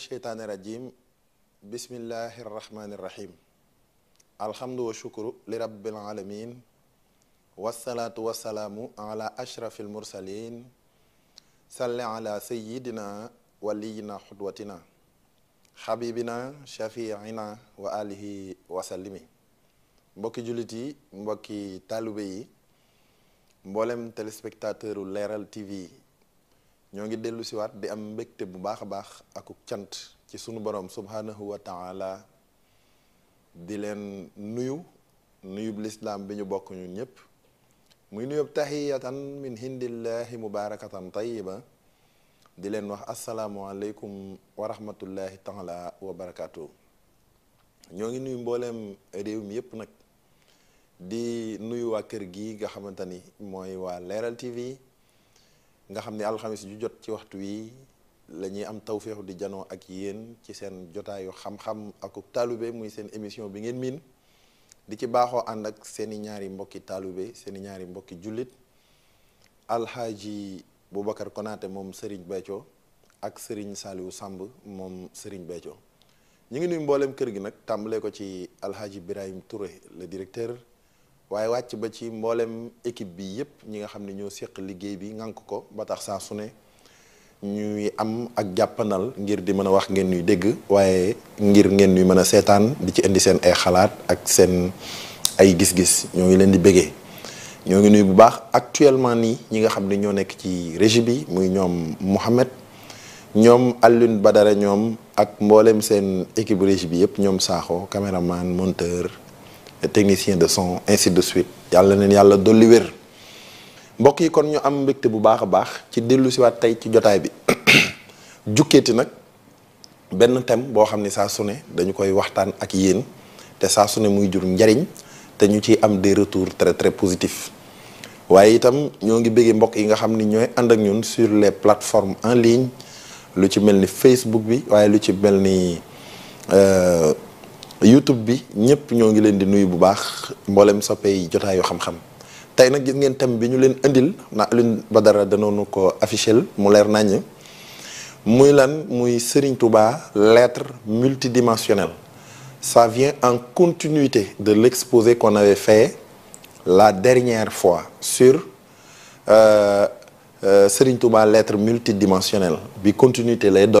الشيطان الرجيم بسم الله الرحمن الرحيم الحمد والشكر لرب العالمين والصلاة والسلام على أشرف المرسلين صل على سيدنا ولينا حدوتنا حبيبنا شفيعنا وآله وسلم مبكي جلتي مبكي تالوبي مبولم تلسبكتاتر ليرال téléspectateur u ñoo ngi ci siwaat di am mbégte bu baax a baax cant ci sunu borom subhanahu wa taala di leen nuyu nuyu l'islam biñu nyep, bokk ñun ñëpp muy nuyu tahiyatan min hindillahi mubarakatan tayyiba di leen wax alaykum wa rahmatullahi taala wa barakatuh ñoo ngi nuyu mbolem réew mi yëpp nak di nuyu wa kër gi nga xamantani moy wa leral tv nga xam ne alxamis ju jot ci waxtu wi la ñuy am tawféexu di janoo ak yéen ci seen jotaayu xam-xam ak taalube muy seen émission bi ngeen miin di ci baaxoo ànd ak seeni ñaari mbokki taalube seeni ñaari mbokki jullit alxaaji Boubacar konaate moom Serigne Béthio ak Serigne Saliou Samb moom Serigne Béthio ñu ngi nuyu mbooleem kër gi nag tàmbalee ko ci alxaaji biraahim Touré le directeur waaye wacc ba ci mbollem équipe bi yépp ñi nga xamni ñoo seq liggéey bi ngank ko ba tax sa suné ñuy am ak jappanal ngir di mëna wax ngeen ñuy dégg waaye ngir ngeen ñuy mëna sétane di ci indi seen ay xalaat ak seen ay gis-gis ñoo ngi leen di bégee ñoo ngi nuy bu baax actuellement ni ñi nga xamni ñoo nekk ci régie bi muy ñom mohammed ñom alune Badara ñom ak mbollem seen équipe régie bi yépp ñom saxo cameraman monteur technicien de son ainsi de suite Yalla neen yalla dolli wér mbokk yi kon ñu am mbégte bu baax a baax ci dellu siwaat tey ci jotay bi Jukéti nak benn thème bo xamni sa suné dañ koy waxtaan ak yeen té sa suné muy jur njariñ té ñu ci am des retours très très positifs Waye itam ñoo ngi bëggee mbokk yi nga xamni ñoy and ak ñun sur les plateformes en ligne lu ci melni Facebook bi waye lu ci melni euh YouTube bi ñepp ñoo ngi leen di nuyu bu baax mboolem soppey jotaayu xam-xam tay nak gis ngeen tam bi ñu leen andil na Alioune Badara danoonu ko officiel mu leer naññ muy lan muy Serigne Touba lettre multidimensionnelle ça vient en continuité de l'exposé qu'on avait fait la dernière fois sur euh, euh, Serigne Touba lettre multidimensionnelle bi continuité les doon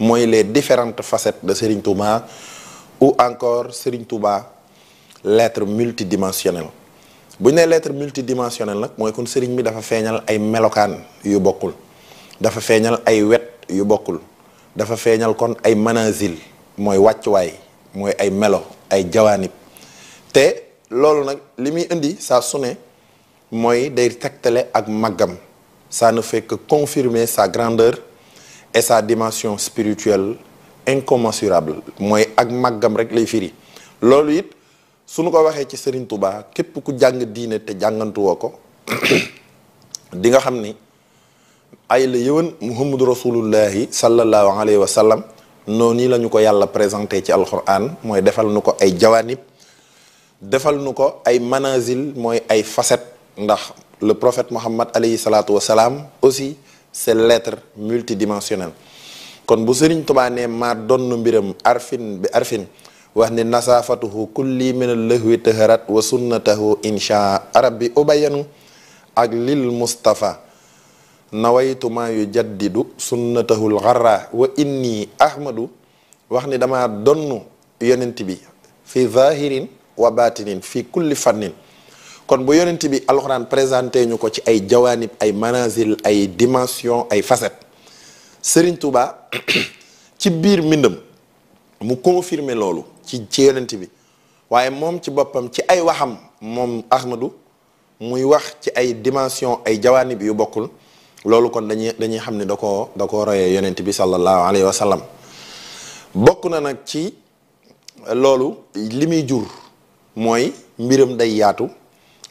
Moi, les différentes facettes de Serigne Touba ou encore Serigne Touba l'être multidimensionnel bu ñu lettre l'être multidimensionnel nag mooy kon Serigne mi dafa feeñal ay melokaan yu bokul. dafa feeñal ay wet yu bokul. dafa feeñal kon ay manazil mooy way moy ay melo ay jawaanib Té lolu nak limi indi saa su moy day tegtale ak magam. ça ne fait que confirmer sa grandeur et sa dimension spirituelle incommensurable Moi, ak màggam rek lay firi loolu it suñu ko waxee ci Serigne Touba képp ku jàng diine te jàngantuwoo ko di nga xam ni ay Rasulullah sallallahu alayhi wa sallam noni la ñu ko yàlla présenté ci Alcoran. moy defal nuko ay jawanib defal nuko ay manazil moy ay facette ndax le prophète Muhammad alayhi salatu wa salam aussi c'est l'être multidimensionnel kon bu Serigne Touba ne ma donn mbiram arfin bi arfin wax ni nasafatuhu kulli min al-lahwi taharat wa sunnatahu insha rabbi ubayanu ak lil mustafa nawaitu ma yu jaddidu sunnatahu al-gharra wa inni ahmadu wax ni dama donn yonent bi fi zahirin wa batinin fi kulli fannin kon bu yonent bi alxuraan présenté ñu ko ci ay jawaanib ay manazil ay dimension ay facettes sëriñ Touba ci biir mbindam mu confirmer loolu ci ci yonent bi waaye moom ci boppam ci ay waxam moom Ahmadou muy wax ci ay dimension ay jawaanib yu bokkul loolu kon dañuy dañuy xam ne da koo da koo royee yonent bi sallallahu alayhi wa sallam bokk na nag ci loolu li muy jur mooy mbiram day yaatu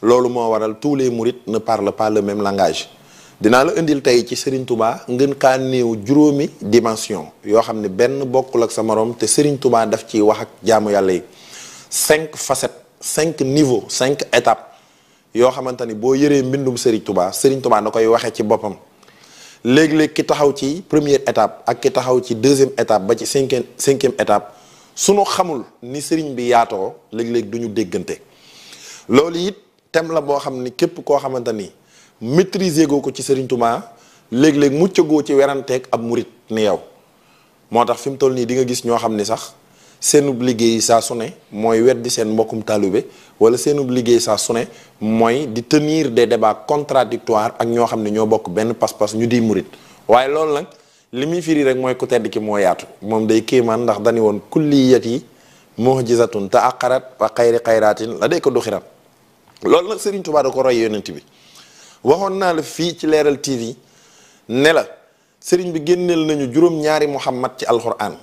loolu mo waral tous les mourides ne parlent pas le même langage dina la andil tay ci Serigne Touba ngeen ka néew juróomi dimension yo xamné ne benn bokkul ak sa morom té Serigne Touba daf ci wax ak jaamu yalla yi cinq facettes cinq niveaux cinq étapes yo xamantani bo yéré yëree mbindum Serigne Touba Serigne Touba nakoy waxé ci bopam lég lég ki taxaw ci première étape ak ki taxaw ci deuxième étape ba ci cinquième étape suñu xamul ni Serigne bi yaatoo lég lég duñu déggante tem la boo xam ni képp koo xamante ni maîtriser goo ko ci Serigne Touba léeg-léeg muccagoo ci weranteeg ab murit ni yow moo tax fi mu toll nii di nga gis ñoo xam ni sax seenub liggéey saa su ne mooy weddi seen mbokkum taalibe wala seenub liggéey saa su ne mooy di tenir des débats contradictoires ak ñoo xam ne ñoo bokk benn pas-pas ñu di murit waaye lool nag li muy firi rek mooy ku tedd ki moo yaatu moom day kéemaan ndax dañu woon kulliyat yi mu'jizatun ta'aqqarat wa xayri xayraatin la day ko du xiram loolu nag Serigne Touba ko roy yonent bi waxoon naa la fii ci leeral TV ne la Serigne bi génneel nañu juróom-ñaari Muhammad ci alxuraan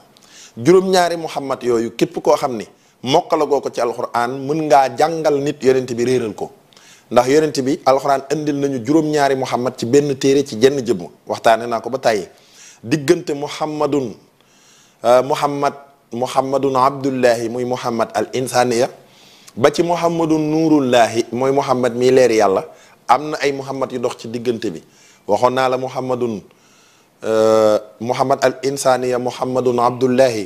juróom-ñaari Muhammad yooyu képp koo xam ni mokkalagoo ko ci alxuraan mën ngaa jàngal nit yonent bi réeral ko ndax yonent bi alxuraan indil nañu juróom-ñaari Muhammad ci benn téere ci jenn jëmm waxtaane naa ko ba tàyyi diggante Muhammadun euh, Muhammad Muhammadun Abdullahi muy Muhammad al insaniya ba ci muhammadu nuurullaahi mooy muhammad mii leer yàlla am na ay muhammad yu dox ci diggante bi waxoon naa la muhammadun muhammad al insaniya muhammadun abdullahi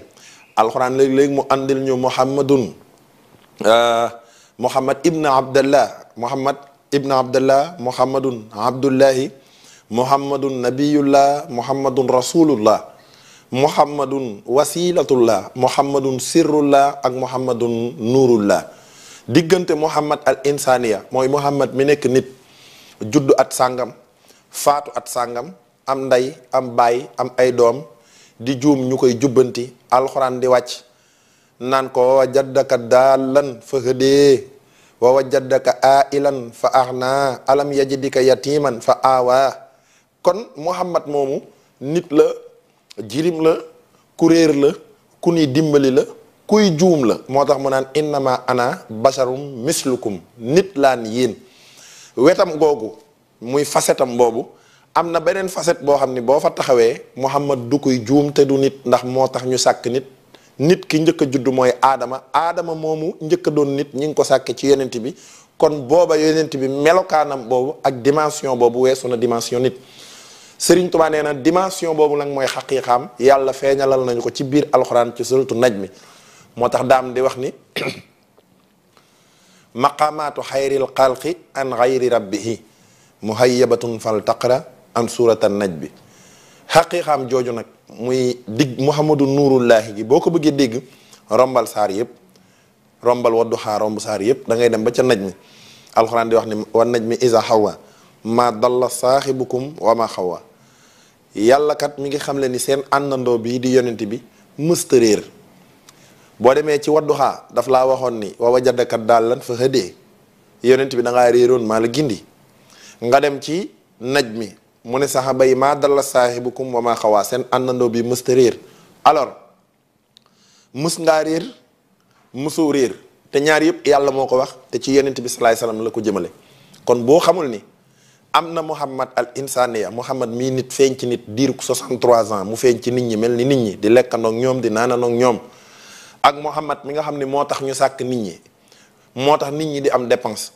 alxuraan léeg-léeg mu àndil ñu muhammadun muhammad ibn abdallah muhammad ibn abdallah muhammadun abdullahi muhammadun nabiyullah muhammadun rasulullah muhammadun wasilatullah muhammadun sirrullah ak muhammadun nuurullah diggante Muhammad al insaniya mooy Muhammad mi nekk nit juddu at sàngam faatu at sàngam am ndey am baay am ay doom di juum ñu koy jubbanti alxuraan di wàcc naan ko wajadaka daalan fa hëdee wa wajadaka ailan fa ahnaa alam yajidika yatiman fa aawaa kon Muhammad moomu nit la jirim la kuréer la ku ni dimbali la kuy juum la moo tax mu naan innama anaa basarum mislukum nit laan yiin wetam googu muy fasetam boobu am na beneen facette boo xam ni boo fa taxawee Muhammad du kuy juum te du nit ndax moo tax ñu sàkk nit nit ki njëkk juddu mooy aadama aadama moomu njëkk doon nit ñi ngi ko sàkkee ci yonent bi kon booba yonent bi melokaanam boobu ak dimension boobu weesu na dimension nit Sëriñ Tuubaa nee na dimension boobu nag mooy xaqiiqaam yàlla feeñalal nañu ko ci biir alxuraan ci suratu naj mi moo tax daam di wax ni maqamaatu xayril xalqi an xayri rabbihi muhayyabatun fal taqra an suratan naj bi xaqiqaam jooju nag muy digg muhammadu nuurullaahi gi boo ko bëggee dégg rombal saar yëpp rombal wadduha romb saar yëpp da ngay dem ba ca naj mi alxuraan di wax ni wa naj mi isa xawa ma dalla saaxibukum wa ma xawa yàlla kat mi ngi xam le ni seen àndandoo bii di yonent bi mësta réer boo demee ci wadduxaa daf laa waxoon ni wa wajadakat daal lan fa hëdee yonent bi da ngaa réeroon maa la gindi nga dem ci naj mi mu ne saxaba yi maa dalla saaxibukum wa maa xawaa seen àndandoo bi mësta réer alors mus ngaa réer mësoo réer te ñaar yëpp yàlla moo ko wax te ci yonent bi salaay salaam la ko jëmale kon boo xamul ni am na Muhammad al insaniya Muhammad mii nit feeñ ci nit diiruk 63 ans mu feeñ ci nit ñi mel ni nit ñi di lekkandoog ñoom di naanandoog ñoom ak Muhammad mi nga xam ne moo tax ñu sàkk nit ñi moo tax nit ñi di am dépense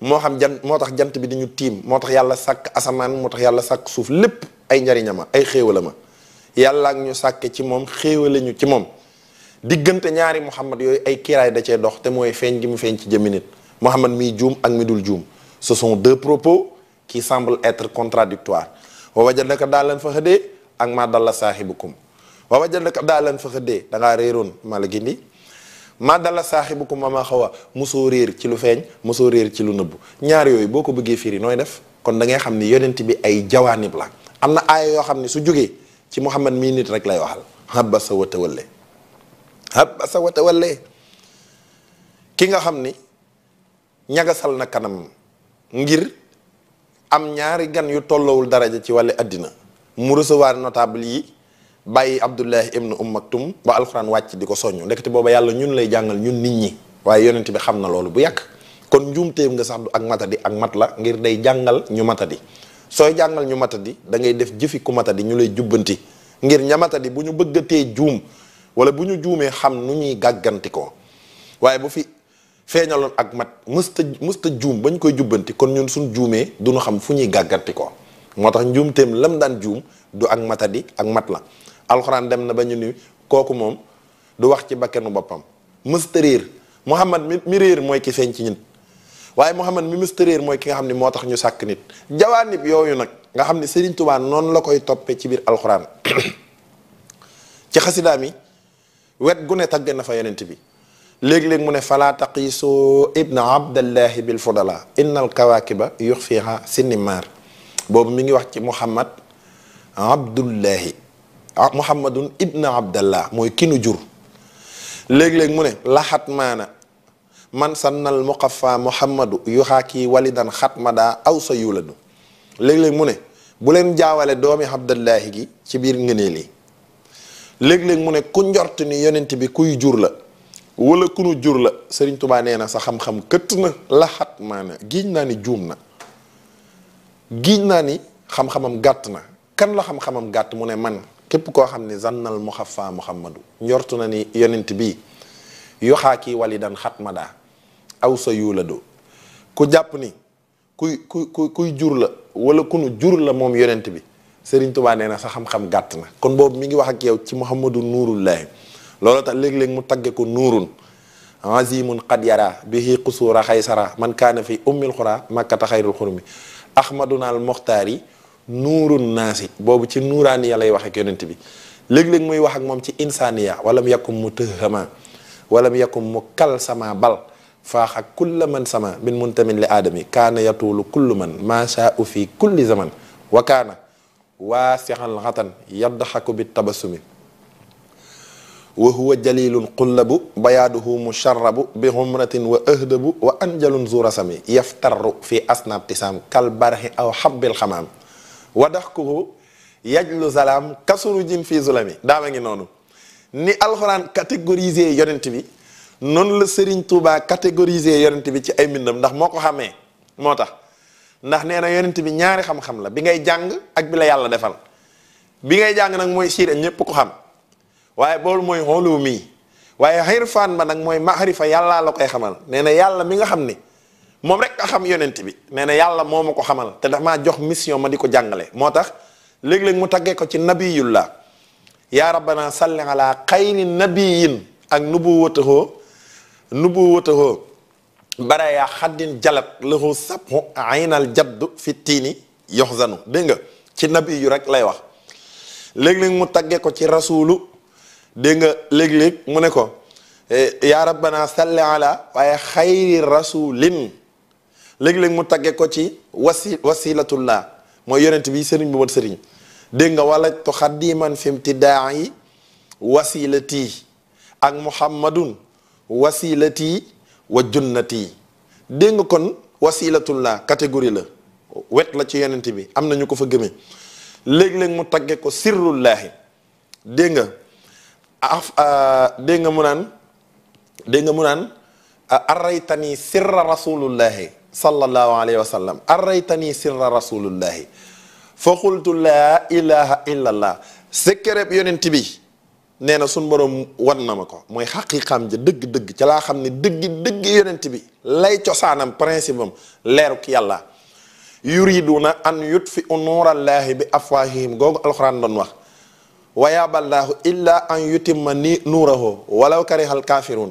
moo xam jan moo tax jant bi di ñu tiim moo tax yàlla sàkk asamaan moo tax yàlla sàkk suuf lépp ay njariñama ay xéewala ma yàlla ak ñu sàkkee ci moom xéewale ñu ci moom diggante ñaari Muhammad yooyu ay kiiraay da cee dox te mooy feeñ gi mu feeñ ci jëmmi nit Muhammad mii juum ak mi dul juum ce sont deux propos qui semblent être contradictoires wa wajadaka daalan fa hëdee ak maa dalla saahibukum wa wajadnaka daalan fa xëddee da ngaa réeroon mala la gindi maa dala saaxibukum maa xaw a mosoo réer ci lu feeñ mosoo réer ci lu nëbbu ñaar yooyu boo ko bëggee firi nooy def kon dangay xam ni yonent bi ay jawaanib la am na aaya yoo xam ne su jógee ci Muhammad mii nit rek lay waxal habasa wa tawalle habasa wa tawalle ki nga xam ni ñagasal na kanam ngir am ñaari gan yu tollowul daraja ci wàllu àddina mu recevoir notable yi bàyyi Abdullahi ibnu Umm Maktum ba alxuraan wàcc di ko soññ ndekete booba yàlla ñun lay jàngal ñun nit ñi waaye yonent bi xam na loolu bu yàgg kon njuumteem nga sax du ak matadi ak mat la ngir day jàngal ñu matadi sooy jàngal ñu matadi da ngay def jëfi ku matadi ñu lay jubbanti ngir ña bu ñu bëggatee juum wala bu ñu juumee xam nu ñuy gàgganti waaye bu fi feeñaloon ak mat mësta mësta juum ba ñu koy jubbanti kon ñun suñ juumee du ñu xam fu ñuy gàgganti ko moo tax njuumteem lam daan juum du ak matadi ak mat la alxuraan dem na ba ñu ni kooku moom du wax ci bakkanu boppam mësta réer Muhammad mi mi réer mooy ki feeñ ci nit waaye Muhammad mi mësta réer mooy ki nga xam ne moo tax ñu sàkk nit jawaanib yooyu nag nga xam ne Serigne Touba noonu la koy toppee ci biir alxuraan ci xasidaa mi wet gu ne tàgg na fa yonent bi léegi léeg mu ne falaa taqiisu ibna abdallahi bil fudala innal kawaakiba yux fiha sinnimaar boobu mi ngi wax ci Muhammad abdullahi ah muhammadun ibna abdallah mooy ki nu jur léeg-léeg mu ne laxat maana man sa sannal muqaffa muhammadu yuxaaki walidan xatmadaa aw sa yuladu léeg-léeg mu ne bu leen jaawale doomi abdallahi gi ci biir ngëneel yi léeg-léeg mu ne ku njort ni yonent bi kuy jur la wala ku jur la sëriñ tubaa nee na sa xam-xam këtt na laxat maana giiñ naa ni juum na giiñ naa ni xam-xamam gàtt na kan la xam-xamam gàtt mu ne man képp koo xam ne zannal mu xafa muhammadu njortu na ni yonent bi ki yoxaaki xat xatmada aw sa yuulado ku jàpp ni kuy ku ku kuy jur la wala ku nu jur la moom yonent bi Serigne Touba nee na sa xam-xam gàtt na kon boobu mi ngi wax ak yow ci muhammadu nuurullahi loolu tax léeg-léeg mu tagge ko nuurun azimun qad yara bihi qusuura xaysara man kaana fi ummil xura makkata xayrul xurumi ahmaduna al muxtaari نور الناس بوبو تي نورانيه لاي واخك يوننتي بي ليك ليك موي واخك موم تي انسانيه ولم يكم متهما ولم يكم مكل سما بل فاخ كل من سما من منتمن لادم كان يطول كل من ما شاء في كل زمن وكان واسعا الغتن يضحك بالتبسم وهو جليل قلب بياده مشرب بغمرة وأهدب وأنجل زور سمي يفتر في أسنى ابتسام كالبره أو حب الخمام wadaxkuhu yajlu salaam kasuru jin fii zulami daama ngi noonu ni alxuraan catégorisé yonent bi noonu la Serigne Touba catégorisé yonent bi ci ay mbindam ndax moo ko xamee moo tax ndax nee na yonent bi ñaari xam-xam la bi ngay jàng ak bi la yàlla defal bi ngay jàng nag mooy siire ñépp ko xam waaye boolu mooy xoolu mii waaye xirfaan ba nag mooy ma maxarifa yàlla la koy xamal nee na yàlla mi nga xam ni moom rek a xam yonent bi nee na yàlla moo ma ko xamal te dafa jox mission ma di ko jàngale moo tax léeg-léeg mu taggee ko ci nabiyullah yaa rabbana salli ala xayri nabiyin ak nubuwatahu nubuwatahu baraya xaddin jalat lahu sabhu aynal jaddu fi tiini yoxzanu dégg nga ci nabi rek lay wax léeg mu taggee ko ci rasulu dégg nga léeg mu ne ko eh, yaa rabbana salli waaye xayri rasulin léegi léeg mu tagge ko ci wasi wasilatullah mooy yonent bi sëriñ bu mat sëriñ dégg nga wala to man fimti daa yi wasilati ak muhammadun wasilati wa junnati dégg nga kon wasilatullah catégorie la wet la ci yonent bi am na ñu ko fa gëmee léeg-léeg mu tagge ko sirrullahi dégg nga af ah, dégg nga mu naan dégg nga mu naan arraytani sirra rasulullahi صلى الله عليه وسلم أريتني سر رسول الله فقلت لا إله إلا الله سكرب يننتبه نينا سن بروم وان نمكو موي حقيقام جي دغ دغ تي لا خامني دغ دغ يوننتي بي لاي تيوسانام برينسيبم ليرك يالا يريدون ان يطفي نور الله بافواههم غوغ القران دون ويا بالله الا ان يتم نوره ولو كره الكافرون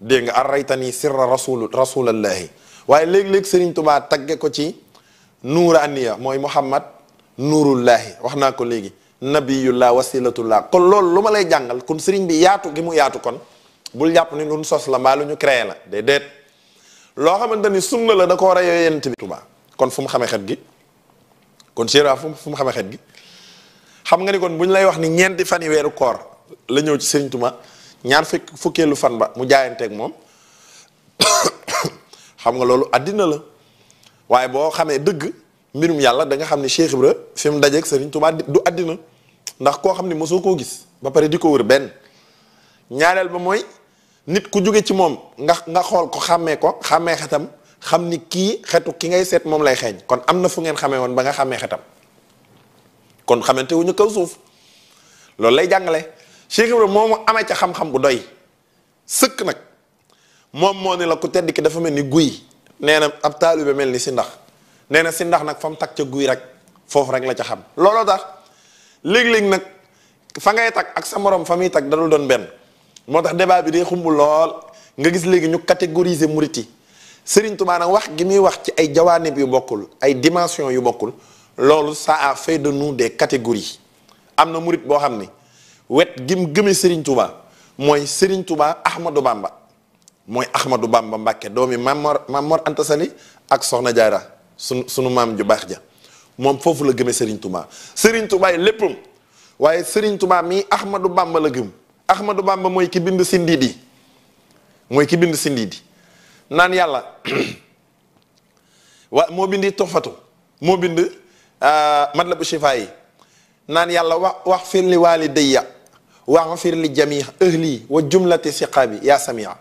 dégg nga arraytani sirra rasul rasulallahi waaye léeg-léeg Serigne Touba tagge ko ci nuuraaniya mooy Muhammad nuurullahi wax naa ko léegi nabiyullah wasilatullah kon lool lu ma lay jàngal kon Serigne bi yaatu gi mu yaatu kon bul jàpp ni luñ sos la mbaa lu ñu créé la déedéet loo xamante ni sunna la da ko war a yent bi kon fu mu xamee xet gi kon Cheikh fu fu mu xamee xet gi xam nga ni kon bu ñu lay wax ni ñeenti fan weeru koor la ñëw ci Serigne ñaar fekk fukkeelu fan ba mu jaayanteeg moom xam nga loolu àddina la waaye boo xamee dëgg mbirum yàlla da nga xam ni Cheikh Ibra fi mu dajeeg Serigne Touba du àddina ndax koo xam ni mosoo koo gis ba pare di ko wër benn ñaareel ba mooy nit ku jóge ci moom nga nga xool ko xàmmee ko xàmmee xetam xam ni kii xetu ki ngay seet moom lay xeeñ kon am na fu ngeen xamee woon ba nga xàmmee xetam kon xamante wu ñu kaw suuf loolu lay jàngale Cheikh moo moomu amee ca xam-xam bu doy sëkk nag moom moo ne la ku tedd ki dafa mel ni guy nee na ab taalibe mel ni si ndax nee na si ndax nag fa mu takk ca guy rek foofu rek la ca xam looloo tax léegi léegi nag fa ngay takk ak sa moroom fa muy takk dadul doon benn moo tax débat bi day xumb lool nga gis léegi ñu catégoriser murit yi Serigne Touba nag wax gi muy wax ci ay jawaanib yu bokkul ay dimension yu bokkul loolu saa a fait de nous des catégories am na murit boo xam ni wet gim gëme Serigne Touba mooy Serigne Touba Ahmadou Bamba mooy Ahmadou Bamba Mbacke doomi Mamor Mamor Anta Sali ak Soxna Jaara su sunu maam ju baax ja moom foofu la gëme Serigne Touba Serigne Touba yi léppam waaye Serigne Touba mii Ahmadou Bamba la gëm Ahmadou Bamba mooy ki bind Sindiidi mooy ki bind Sindiidi euh, naan yàlla wa moo bindi Toxfatu moo bind Matlabu Chifa yi naan yàlla wax wax fil li واغفر لجميع أهلي وجملة ثقابي يا سميع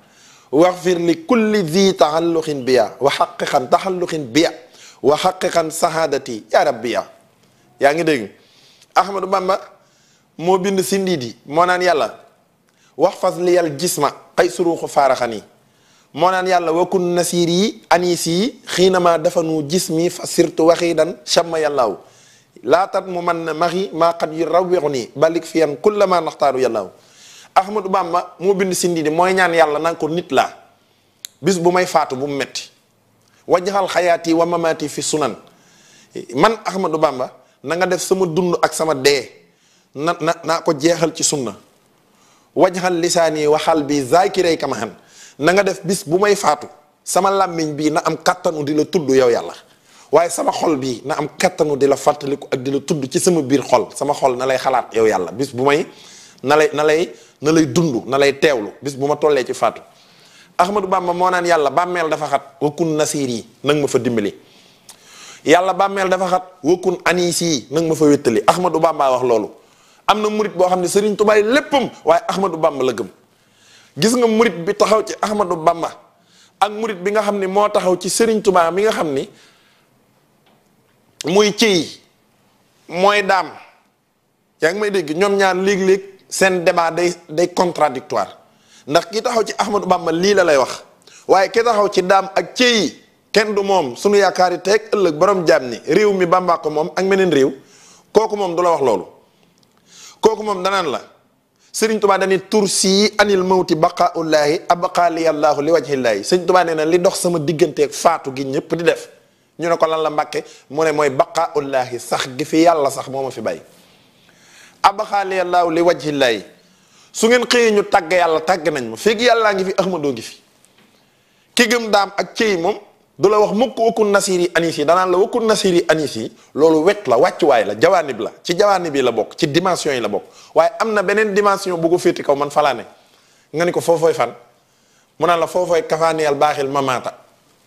واغفر لكل ذي تعلق بيا وحققا تعلق بيا وحققا سعادتي يا ربي يا يعني أحمد بامبا مو بند سنديدي مونان يالا واحفظ لي الجسم قيس روح فارخني مونان يالا وكن نسيري أنيسي حينما دفنوا جسمي فسرت وحيدا شم يالاو laa mu man na maxi maa xat yu rawweexu nii balik fiyan kulla ma naxtaaru yàlla Ahmadou Bamba moo bind si mooy ñaan yàlla nanga ko nit laa bis bu may faatu bu mu metti wajaxal xayaati wa mamaati fi sunan man Ahmadou Bamba na def sama dund ak sama dee na na naa ko jeexal ci sunna wajaxal lisaani waxal bi zaakirey kamahan na nga def bis bu may faatu sama làmmiñ bii na am kàttanu di la tudd yow yàlla waye sama xol bi na am katanu dila fatali ko ak di tudd ci sama bir xol sama xol na lay yow yalla bis bu may na lay na lay na lay dund na lay bis bu ma tollee ci faatu ahmad Bamba mo nan yalla bammel dafa xat wa kun nasiri nang ma fa dimbali yalla bammel dafa xat wa kun anisi nang ma fa wéttali ahmad Bamba wax lolu am murid bo xamni Serigne Touba léppam waye ahmad Bamba la gem gis nga murid bi taxaw ci ahmad Bamba ak murid bi nga xamni mo taxaw ci Serigne Touba mi nga xamni muy ciy mooy daam yaa ngi may dégg ñoom ñaar léeg-léeg seen débat day day contradictoire ndax ki taxaw ci Ahmadou Bamba lii la lay wax waaye ki taxaw ci daam ak ciy kenn du moom suñu yaakaar yi teg ëllëg borom jaam ni réew mi Bamba ko moom ak meneen réew kooku moom du la wax loolu kooku moom danaan la sëriñ tubaa dani tursi anil mawti baqaullaahi abqaali yallaahu li wajhillaahi sëriñ tubaa nee na li dox sama diggante digganteeg faatu gi ñëpp di def ñu ne ko lan la mbàkke mu ne mooy baqa ullaahi sax gi fi yàlla sax moo ma fi bay abaxaali allaahu li wajhillaahi su ngeen xëyee ñu tàgg yàlla tàgg nañ ma feeg yàllaa ngi fi ahmadoo ngi fi ki gëm daam ak cëy moom du la wax mukk wakkun nasiir yi anis yi danaan la wakkun nasiir yi anis yi loolu wet la wàccuwaay la jawaanib la ci jawaanib yi la bokk ci dimension yi la bokk waaye am na beneen dimension bu ko kaw man falaane nga ni ko foofooy fan mu naan la foofooy kafaaniyal baaxil mamaata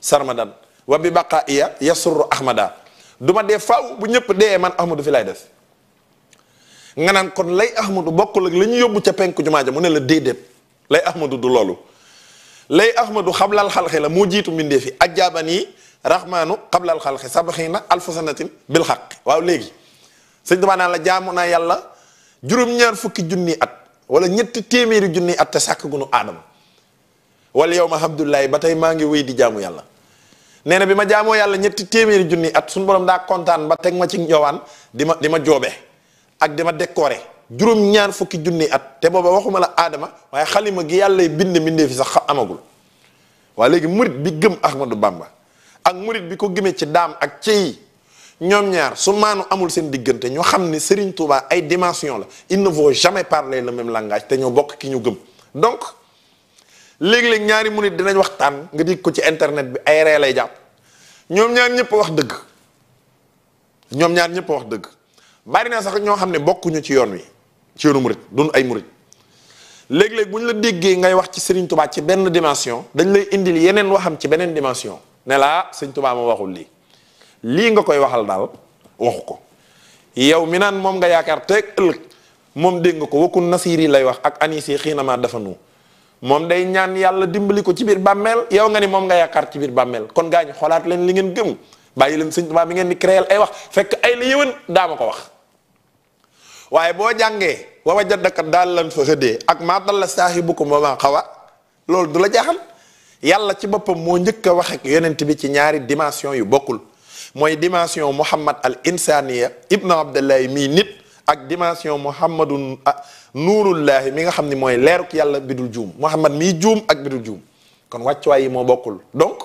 sarmadan wa bi baqaa iya yasurru ahmada du ma dee faw bu ñëpp dee man ahmadu fi lay des nga naan kon lay ahmadu bokkul ak la ñu yóbbu ca penku jumaa ja mu ne la déedéet lay ahmadu du loolu lay ahmadu xablal xalxi la moo jiitu mbindee fi ajjaaban yi rahmaanu xablal xalxi sabaxiina alfa sanatin bil xaq waaw léegi sëñ dama naan la jaamu naa yàlla juróom-ñaar fukki junni at wala ñetti téeméeri junni at te sàkk gunu aadama wala yow ma abdullahi ba tey maa ngi wéy di jaamu yàlla nee na bi ma jaamoo yàlla ñetti téeméeri junni at suñu borom daa kontaan ba teg ma ci njowaan di ma di ma joobe ak di ma décorer juróom ñaar fukki junni at te booba waxuma la aadama waaye xalima gi yàlla bind mbindee fi sax amagul waa léegi murit bi gëm Ahmadou Bamba ak murit bi ko gëmee ci daam ak ceyi ñoom ñaar su maanu amul seen diggante ñu xam ni Serigne Touba ay dimension la il ne faut jamais parler le même langage te ñoo bokk ki ñu gëm léegi-léeg ñaari mu nit dinañ waxtaan nga dégg ko ci internet bi ay ree lay jàpp ñoom ñaar ñëpp wax dëgg ñoom ñaar ñëpp wax dëgg bari na sax ñoo xam ne bokkuñu ci yoon wi ci yoonu murit duñ ay murit léeg-léeg bu ñu la déggee ngay wax ci sëriñ Touba ci benn dimension dañ lay indil yeneen waxam ci beneen dimension ne laa ah, Serigne Touba ma waxul lii lii nga koy waxal daal waxu ko yow mi naan moom nga yaakaar te ëllëg moom dégg nga ko wakun nasiri lay wax ak anisi xiinama dafa nu mom day ñaan yalla dimbali ko ci bir bammel yow nga ni mom nga yaakaar ci bir bammel kon gañ xolaat leen li ngeen gëm bàyyi leen sëñ tuba bi ngeen ni créer ay wax fekk ay la yëwan daama ko wax waye bo jangé wa dal lan fa xede ak ma dal sahibukum wa ma xawa lol dula jaxal yalla ci bopam mo ñëk wax ak yonent bi ci ñaari dimension yu bokul moy dimension Muhammad al insaniya ibnu Abdullah mi nit ak dimension Muhammadun ah, nuurullaahi mi nga xam ni mooy leeruk yàlla bi dul juum Muhammad mii juum ak bi dul juum kon wàccuwaay yi moo bokkul donc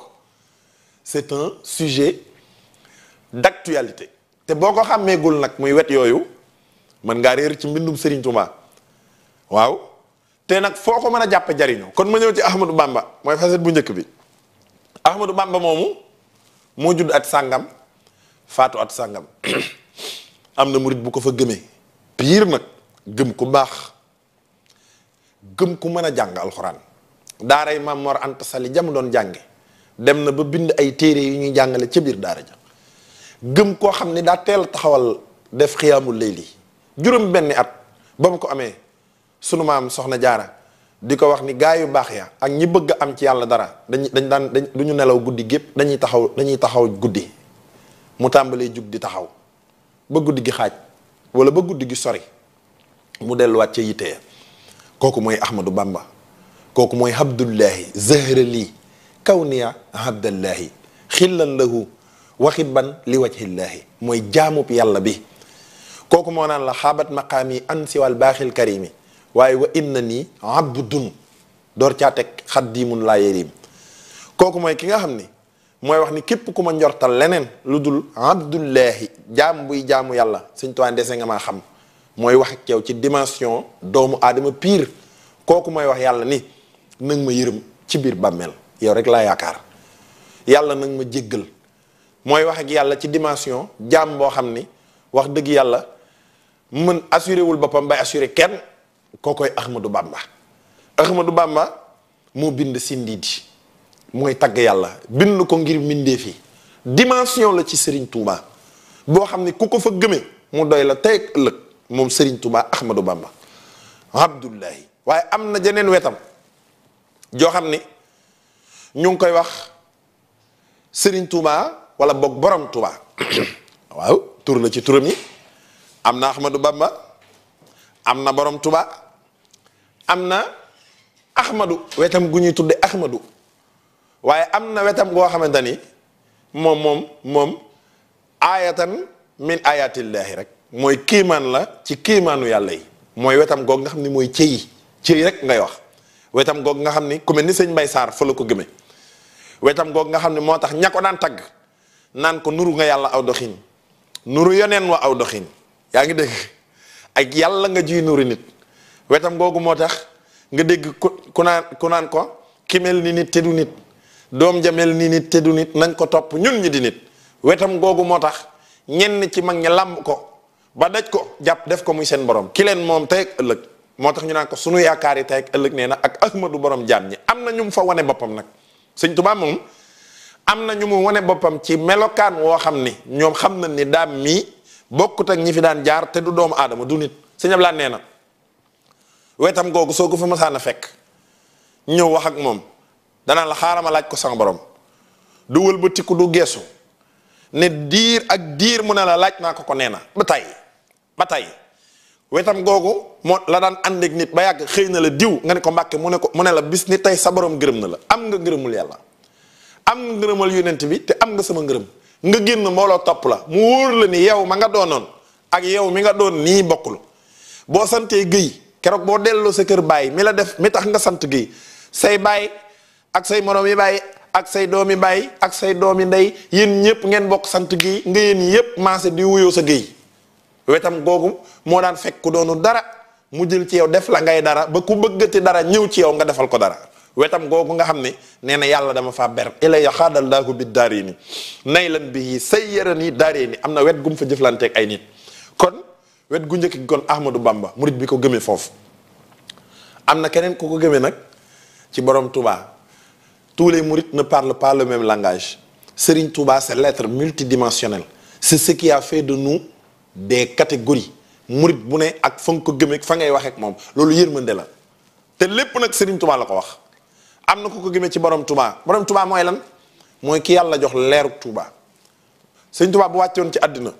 c'est un sujet d'actualité te boo ko xàmmeegul nag muy wet yooyu mën ngaa réer ci mbindum Serigne Touba waaw te nag foo ko mën a jàpp jariñoo kon ma ñëw ci Ahmadou Bamba mooy facette bu njëkk bi Ahmadou Bamba moomu moo judd ak sàngam faatu at sàngam am na murit bu ko fa gëmee pire nag gëm ku bax gëm ku mën jang alquran alxuraan daaray maam Mor Sali jam doon jànge dem na ba bind ay téré yu ñu jàngale ci bir daara ja gëm ni taxawal def qiyamul layli jurum benni at ba mu ko amé sunu mam soxna jaara di wax ni gaay yu bax ya ak ñi bëgg am ci yalla dara dañ dañ daan dañ du nelaw guddi gep dañuy taxaw dañuy taxaw guddi mu tambalé jug di taxaw ba guddi gi xaj wala ba guddi gi sori mu delluwaat ca yitte ya kooku mooy Ahmadou Bamba kooku mooy Abdullahi Zahrali kawniya Abdullahi xillan lahu waxit ban li wajhillaahi mooy jaamub yàlla bi kooku moo naan la xaabat maqaami an siwal baaxil karimi waaye wa inna abdun door caa teg xaddiimun laa yariim kooku mooy ki nga xam moy wax ni kep kuma ma njortal leneen lu dul abdullahi jaam buy jaamu yàlla sëñ Tuubaa nga ma xam moy wax ak yow ci dimension doomu adama pire koku moy wax yalla ni nang ma yeureum ci bir bammel yow rek la yakar yalla nang ma jéggal moy wax ak yalla ci dimension jam bo xamni wax deug yalla mën assurer wul bopam bay assurer kenn kokoy Ahmadou Bamba Ahmadou Bamba mo bind sindidi mooy tagg yàlla bind ko ngir mbindeef fii dimension la ci sëriñ Touba boo xam ne ku ko fa gëmee mu doy la tey ak ëllëg moom Serigne Touba Ahmadou Bamba Abdullahi waaye am na jeneen wetam joo xam ni ñu ngi koy wax Serigne Touba wala boog borom Touba waaw tur ci turam yi am na Ahmadou Bamba am na borom Touba am na Ahmadou wetam gu ñuy tudde Ahmadou waaye am na wetam go xamante mom, mom, mom mom min ayatillahi rek mooy kiman la ci kiimaanu yàlla yi mooy wetam goog nga xam ni mooy cëyi rek ngay wax wetam goog nga xam ni ku mel ni sen Mbay sar fa wetam goog nga xam ni moo tax ña ko daan tagg ko nuru nga aw nuru yonen wa aw doxin yaa ngi dégg ak yàlla nga ji nuru nit wetam gogu moo tax nga dégg ku naan ku naan ko ki nit doom jamel ni nit te du nit nañ ko top ñun ñi di nit wetam gogu motax tax ñenn ci mag ñi lamb ko ba daj ko japp def ko muy seen borom ki len mom tay ak motax ñu nan ko sunu yaakaar tay tey ak ak ahmadu borom jaam ñi amna ñum fa wone bopam nak señ tuba mom amna ñum mu wane bopam ci melokan wo xamni ñom xamna ni da mi bokkut ak ñi fi daan jaar te du adam du nit señ abla neena wetam gogu soko fa ma sa na fek ñëw wax ak mom danaan la xaaral ma laaj ko sama borom du wëlbatiku du geesu ne diir ak diir mu ne la laaj naa ko ko nee na ba tey ba tey wetam googu moo la daan ànd ak ba yàgg xëy na la diw nga ne ko mbàkke mu ne ko mu ne la bis ni tey sa borom gërëm na la am nga ngërëmul yàlla am nga ngërëmal yonent bi te am nga sama ngërëm nga génn mbooloo topp la mu wóor la ni yow ma nga doonoon ak yow mi nga doon nii bokkul boo santee géy keroog boo delloo sa kër baay mi la def mi tax nga sant géy say baay ak say moroom yi bàyyi ak say doomi bàyyi ak say doomi ndey yéen ñëpp ngeen bokk sant gi nga yéen yëpp maase di wuyoo sa géy wetam googu moo daan fekk ku doonu dara mu jël ci yow def la ngay dara ba ku bëggati dara ñëw ci yow nga defal ko dara wetam googu nga xam ne nee na yàlla dama faa ber ilaya xaadal daaku bi daari ni nay lan bi say yaran yi daaree ni am na wet gum fa jëflanteeg ay nit kon wet gu njëkk gi kon Ahmadou Bamba murit bi ko gëmee foofu am na keneen ku ko gëmee nag ci borom Touba. Tous les mourites ne parlent pas le même langage. Serine Touba, c'est l'être multidimensionnel. C'est ce qui a fait de nous des catégories. Mourit bu ne ak fa nga ko gëmee fa ngay waxee ak moom loolu yërmande la te lépp Serigne Touba la ko wax am na ku ko gëmee ci borom Touba borom Touba mooy lan mooy ki yàlla jox leeru Touba. Serigne Touba bu wàccoon ci dans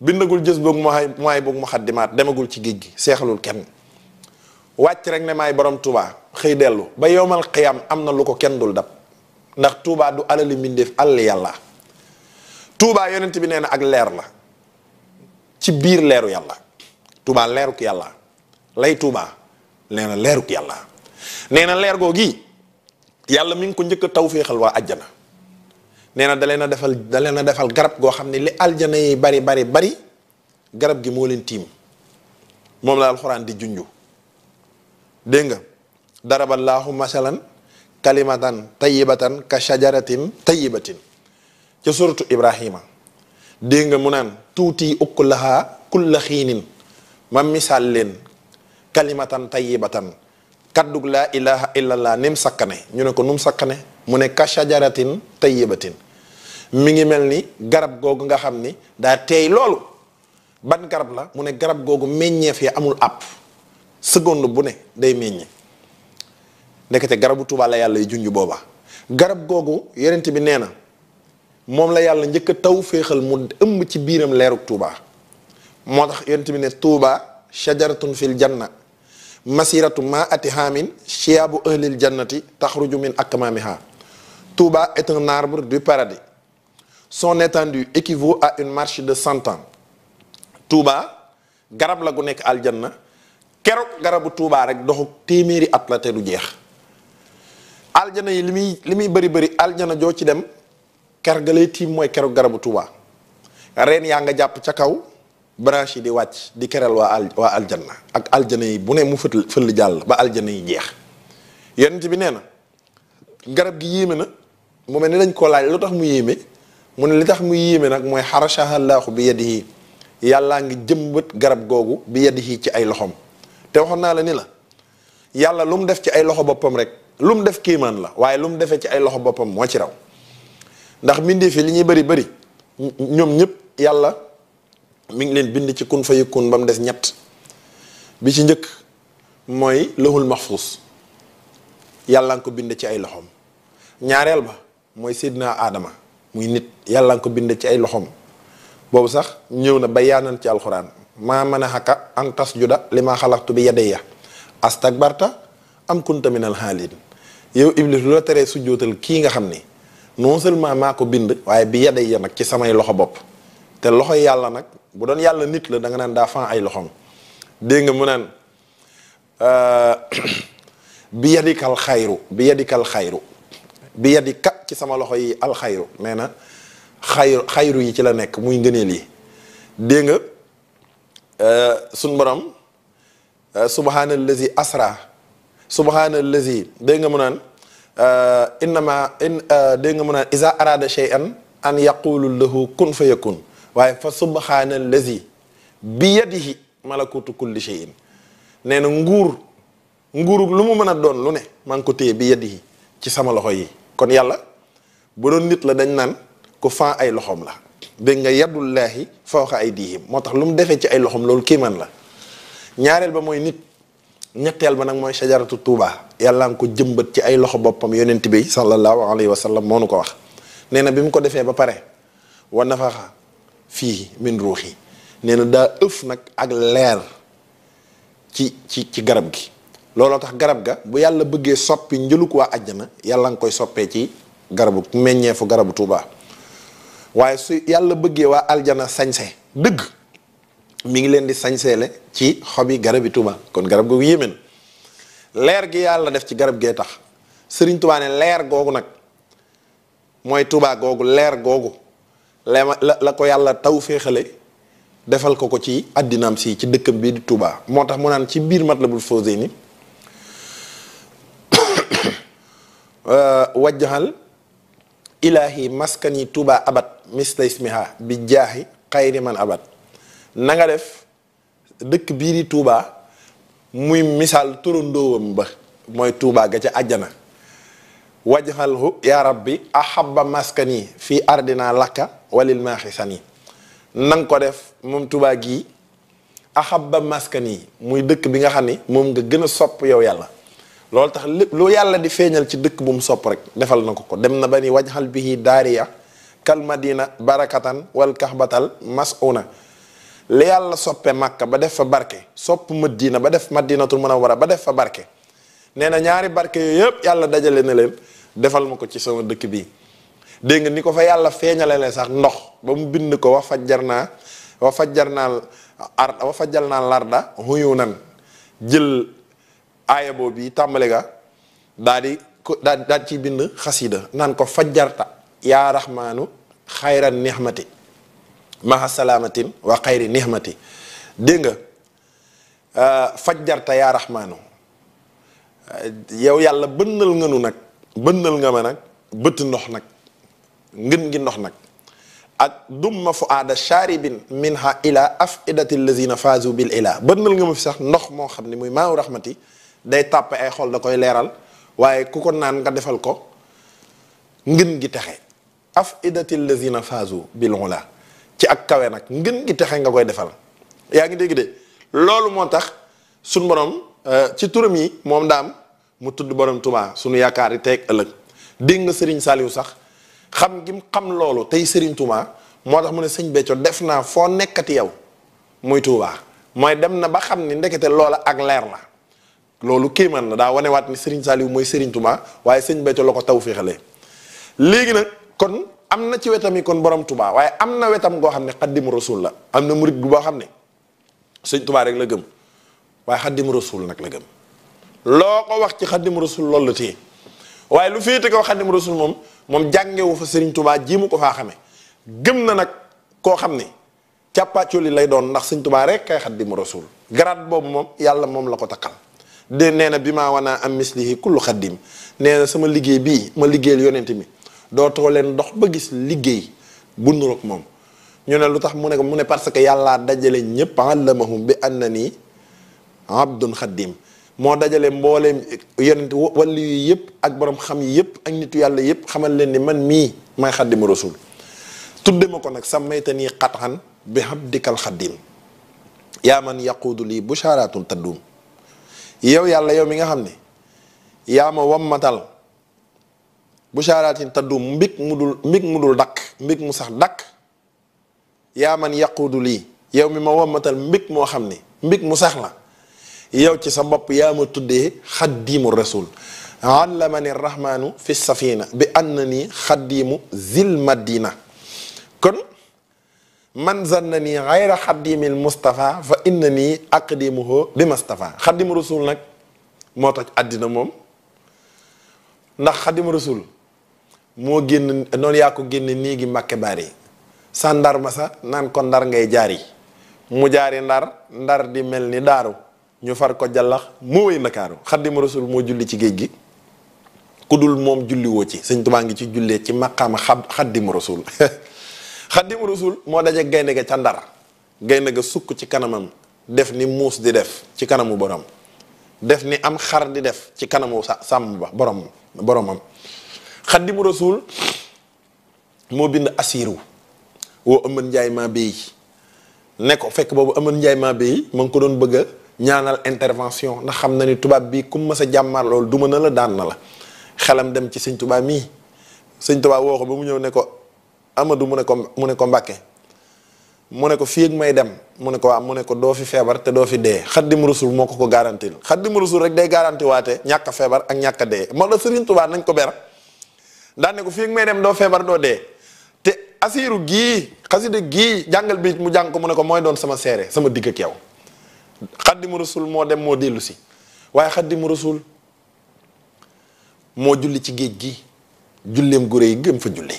bindagul jës boog mu xay mu demagul ci géej gi seexalul wàcc rek ne maay borom Touba xëy dellu ba yowmal xiyam am na lu ko kenn dul dab ndax Touba du alali mbindeef àll yàlla Touba yonent bi nee na ak leer la ci biir leeru yàlla Touba leeruk yàlla lay Touba nee na leeruk yàlla nee na leer googi yàlla mi ngi ko njëkk a tawféexal waa ajjana nee na da leen defal da leen a defal garab goo xam ne li aljana yi bari bari bari garab gi moo leen tiim moom la alxuraan di junju dégg nga daraballaahu masalan kalimatan tayyibatan ka shajaratin tayyibatin ca suratu ibrahima dégg nga mu naan tuuti ukulaha kulla xiinin ma misaal leen kalimatan tayyibatan kaddug laa ilaha illallah nim sakkane ñu ne ko num sakkane mu ne ka shajaratin tayyibatin mi ngi mel ni garab googu nga xam ni daa teey loolu ban garab la mu ne garab googu meññeef yi amul àpp seconde bu ne day meññ ndekete garabu Tuubaa la yàlla junj booba garab googu yonent bi nee na moom la yàlla njëkk a taw féexal mu ëmb ci biiram leeruk Tuubaa moo tax yonent bi ne Tuubaa shajaratun fil janna masiratu ma ati hamin chiabu ahlil jannati taxruju min akmamiha Tuubaa est un arbre du paradis son étendue équivaut à une marche de cent ans Tuubaa garab la gu nekk al aljanna keroog garabu Touba rek doxu téeméeri at la te du jeex aljana yi li muy li muy bari bari aljana joo ci dem ker ga tiim mooy keroog garabu Touba reen yaa nga jàpp ca kaw branche yi di wàcc di keral waa al aljana ak aljana yi bu ne mu fël fël jàll ba aljana yi jeex yonent bi nee na garab gi yéeme na mu mel ni dañ ko laaj lu tax mu yéeme mu ne li tax mu yéeme nag mooy xarashaha allahu bi yadihi yàlla ngi jëmbat garab googu bi yadihi ci ay loxoom te waxoon naa la ni la yàlla lu mu def ci ay loxo boppam rek lu mu def kiimaan la waaye lu mu defee ci ay loxo boppam moo ci raw ndax mbindeef yi li ñuy bari bari ñoom ñëpp yàlla mi ngi leen bind ci kun fa yëkkun ba mu des ñett bi ci njëkk mooy lëhul maxfuus yàlla nga ko bind ci ay loxoom ñaareel ba mooy seydina aadama muy nit yàlla nga ko bind ci ay loxoom boobu sax ñëw na ba yaanan ci alxuraan ma manahaka an tasjuda lima khalaqtu bi yadayya astakbarta am kunta min al halin yow iblis lo tere sujjootal ki nga xamni non seulement mako bind waye bi yadayya nak ci samay loxo bop te loxo yalla nak bu don yalla nit la da nga nan da fan ay loxom de nga mu nan euh, bi yadikal bi yadikal bi yadika ci sama loxo yi al khairu, nee Khair khairu yi ci la nek muy yi nga suñ borom subhanallazi asra subhanallazi dégg nga mu naan innama in dégg nga mu naan iza arada shay'an an yaqulu lahu kun fa yakun waaye fa subhanallazi bi yadihi malakutu kulli shay'in nee na nguur nguurug lu mu mën a doon lu ne maa ngi ko téye bi yadihi ci sama loxo yi kon yàlla bu doon nit la dañ naan ku fan ay loxoom la be nga yadullahi fawqa aydihim motax lum defé ci ay loxom ki man la ñaarel ba moy nit ñettel ba moy shajaratu tuba yalla yàlla ko jëmbat ci ay loxo bopam yonent bi sallallahu alayhi wa sallam moo nu ko wax neena bimu ko defé ba paré wa nafakha fi min ruhi neena da euf nak ak leer ci ci ci garab gi looloo tax garab ga bu yalla bëgge soppi ñëluk wa aljana yalla koy soppé ci garabu meññeefu garabu tuba waaye su yàlla bëggee waa aljana sañse dëgg mu ngi leen di sañsee sañseele ci xobi garabi Touba kon garab googu yéeme leer gi yàlla def ci garab gee tax sëriñ Touba ne leer googu nag mooy Touba googu leer googu lema la ko yàlla taw féexale defal ko ko ci àddinaam si ci dëkkam bii di Touba moo tax mu naan ci biir mat la Matlabul Fawzayni euh, wajjahal ilaahi maskani Touba abat misla ismiha bi kairiman xayri man abad na nga def dekk bi di Touba muy misaal turandoowam ba moy Touba ga ca aljana wajhalhu ya rabbi ahabba maskani fi ardina laka walil mahisani sani ko def mom Touba gi ahabba maskani muy dekk bi nga xani mom nga gëna sop yow yalla lol tax lo yalla di feñal ci dekk bu mu sop rek defal nako ko dem na bani wajhal bihi dariya kal madina barakatan wal kahbatal mas'una le yalla soppe makka ba def fa barke sopp madina ba def madinatul munawwara ba def fa barke neena ñaari barke yeb yalla dajale na len defal mako ci sama dekk bi de nga niko Noh fa yalla feñale le sax ndox ba mu bind ko wa fajjar wa fajjar ard wa larda Huyunan nan jël aaya boobu tambale ga dadi dadi ko bind khasida nan ko fajjarta yaa rahmaanu xayra nihmati maha salaamatin wa xayri nihmati dégg nga fajjarta yaa rahmaanu yow yàlla bënnal nga nu nag bënnal nga ma nag bët ndox nag ngën gi ndox nag ak dumma fu aada charibin minha ila af idati lazina faazu bil ila bënnal nga ma fi sax ndox moo xam ne muy maaw rahmati day tàppe ay xol da koy leeral waaye ku ko naan nga defal ko ngën gi texe afidati lazina faazu bil ula ci ak kawe nag ngën gi texe nga koy defal ya ngi dégg de lolou motax suñ borom ci turam yi moom daam mu tudd borom tuba suñu yakari tek teeg ëllëg dégg nga Serigne Saliou sax xam gi xam lolou tay Serigne tuba motax mu ne serigne Béthio defna fo nekati yow moy tuba moy dem na ba xam ni ndekete lolou ak leer la lolou ki man da wone wat ni Serigne Saliou moy Serigne tuba waye serigne Béthio lako tawfiixale légui nak kon am na ci wetam yi kon boroom tubaa waaye am na wetam goo xam ne xaddim rasul la am na murit boo xam ne sëñ tubaa rek la gëm waaye xaddim rasul nag la gëm loo ko wax ci xaddim rasul loolu la téye waaye lu féete ko xaddim rasul moom moom jàngewu fa sëriñ tubaa jii mu ko faa xame gëm na nag koo xam ne càppaacoli lay doon ndax sëñ tubaa rek kay xaddim rasul grade boobu moom yàlla moom la ko takkal de nee na bi maa wanaa am mislihi kullu xaddim nee na sama liggéey bii ma liggéeyal yonent mi dootoo leen ndox ba gis liggéey bu nuroog moom ñu ne lu tax mu ne mu ne parce que yàllaa dajale ñëpp allamahum bi anna nii abdun xaddim moo dajale mbooleem yonent wàllu yi yëpp ak boroom xam yi yëpp ak nitu yàlla yëpp xamal leen ni man mii may xaddimu rasul tudde ma ko nag sàmmayta nii xatan bi habdikal xaddim yaa man yaquudu lii bushaaraatun tadduum yow yàlla yow mi nga xam ne yaa ma بشاراتين تدو ميك مدول ميك مدول دك ميك مسح دك يا من يقود لي يومي ما وام مثل ميك مو خمني ميك مسح لا يو تي سبب يا متدي خديم الرسول علمني الرحمن في السفينة بأنني خديم زل مدينة كن من ظنني غير خديم المصطفى فإنني أقدمه بمصطفى خديم رسولك موتاج أدينا موم نخدم رسول رسول moo génn noonu yaa ko génne nii gi màkke baari sa ndar ma sa naan ko ndar ngay jaari mu jaari ndar ndar di mel ni daaru ñu far ko jallax moo wéy ndakaaru xaddim rasul moo julli ci géej gi ku dul moom julli ci sëñ tubaa ngi ci jullee ci maqaama xaddim moo daje gaynde ga ca ndar gaynde ga sukk ci kanamam def ni muus di def ci kanamu borom def ni am xar di def ci kanamu sa sàmm ba borom boromam xaddimu rasul moo bind asiru woo Amad Ndiaye maa béy ne ko fekk boobu Amad Ndiaye maa béy ma ngi ko doon bëgg ñaanal intervention ndax xam na ni tubaab bi kum ma sa jàmmaar loolu duma na la daan na la xelam dem ci sëñ tubaab mii sëñ tubaab woo ko ba mu ñëw ne ko Amadou mu ne ko mu ne ko Mbàkke mu ne ko fii ak may dem mu ne ko waa mu ne ko doo fi feebar te doo fi dee xaddim rasul moo ko ko garantil xaddim rasul rek day garanti ñàkk feebar ak ñàkk a dee moo la nañ ko ber daan ne ko fii ak may dem doo feebar doo dee te asiiru gii xasida gii jàngal bi mu jàng ko mu ne ko mooy doon sama seere sama digg ak yow xaddimu rasul moo dem moo dellu si waaye xaddimu rasul moo julli ci géej gi julleem gure yi gëm fa julli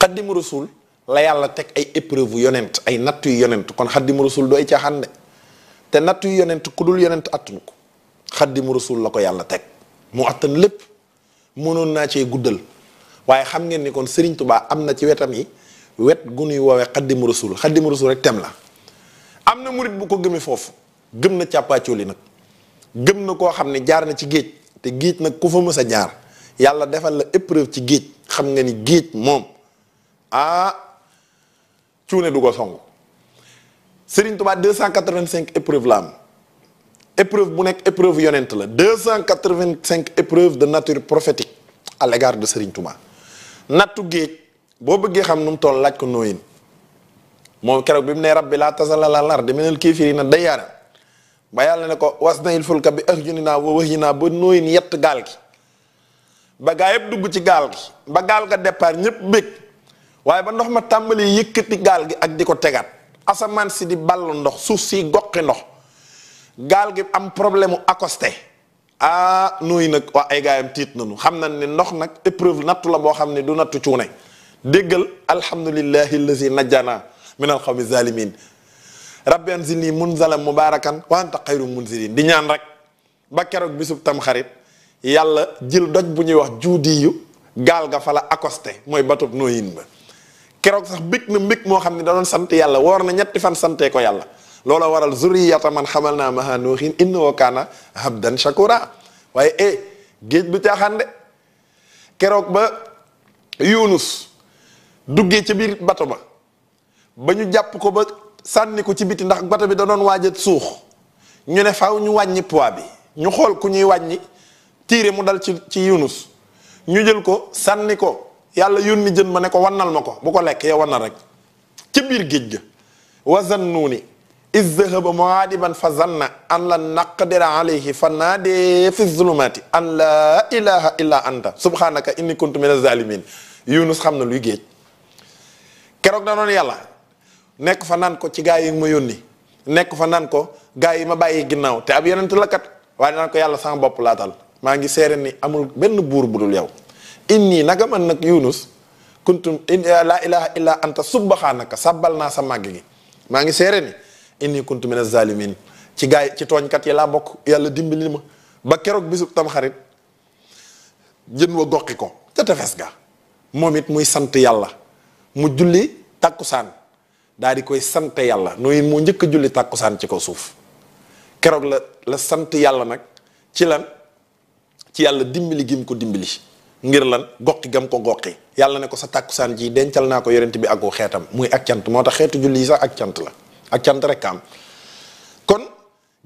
xaddimu rasul la yàlla teg ay épreuve yonent ay nattu yu yonent kon xaddimu rasul du ay caaxaan de te nattu yu yonent ku dul yonent attunu ko xaddimu rasul la ko yàlla teg mu attan lépp mënoon naa cee guddal waaye xam ngeen ni kon Serigne Touba am na ci wetam yi wet gu ñuy woowee xaddimu rasul xaddimu rasul rek tem la am na murit bu ko gëmee foofu gëm na càppaacooli nag gëm na koo xam ne jaar na ci géej te géej nag ku fa mës a jaar yàlla defal la épreuve ci géej xam nga ni géej moom ah cuune du ko song Serigne Touba 285 épreuve la am épreuve bu nekk épreuve yonent la 285 épreuve de nature prophétique à l'égard de Serigne Touba. nattu géej boo bëggee xam nu mu tool laaj ko nooyin moom keroog bi mu ne rabbi laa tasala la lar di na kaafiriina dayyaara ba yàlla ne ko was na il fulka bi ahyuninaa wa naa ba nooyin yett gaal gi ba ci gaal gi ba ga départ ñëpp bég waaye ba ndox ma tàmbali yëkkati gaal gi ak di ko tegaat asamaan si di ballu ndox suuf si goqi ndox gaal gi am problème mu accosté ah nooy nag waa ay gaayam tiit nañu xam nañ ne ndox nag épreuve nattu la boo xam ne du nattu cuune déggal alhamdulillahi allazi najjana min alqawmi zalimin rabbi anzilni munzalan mubarakan wa anta xayru munzilin di ñaan rek ba keroog bisub tam xarit yàlla jël doj bu ñuy wax juudi yu gaal ga fa la accosté mooy batub nooyin ba keroog sax bég na mbik moo xam ne da doon sant yàlla woor na ñetti fan santee ko yàlla loola waral zurriyata man xamal naa maha nuuhin innahu kaana habdan shakura waaye eh géej du caaxaan de keroog ba yunus duggee ci biir bato ba ba ñu jàpp ko ba sànni ko ci biti ndax bato bi da doon waaja suux ñu ne faaw ñu wàññi poids bi ñu xool ku ñuy wàññi tiire mu dal ci ci yunus ñu jël ko sànni ko yàlla yónni jën ma ne ko wannal ma ko bu ko lekk yow wannal rek ci biir géej ga wasan nuuni izdahaba muadiban fa zanna an la naqdira alayhi fa naadee fi zulumati an la ilaha illa anta subhanaka inni kuntu min azalimin yunus xam na luy géej keroog da noonu yàlla nekk fa naan ko ci gaa yi ma yónni nekk fa naan ko gaa yi ma bàyyi ginnaaw te ab yonent la kat waaye naan ko yàlla sans bopp laatal maa ngi seere ni amul benn buur bu dul yow inni naka man nag yunus kuntum laa ilaha illa anta subhanaka sabbal naa sa màgg gi maa ngi seere ni indi kuntu mina zalimin ci gaay ci tooñkat yi laa bokk yàlla dimbali ma ba keroog bisub tamxarit jën wa goqi ko ca tefes ga moom it muy sant yàlla mu julli tàkkusaan daal di koy sant yàlla nooy moo njëkk a julli tàkkusaan ci kaw suuf keroog la la sant yàlla nag ci lan ci yàlla dimbali gim ko dimbali ngir lan goqi gam ko goqi yàlla ne ko sa tàkkusaan ji dencal naa ko yonent bi ak xeetam muy ak cant moo tax xeetu julli yi sax ak cant la ak cant kon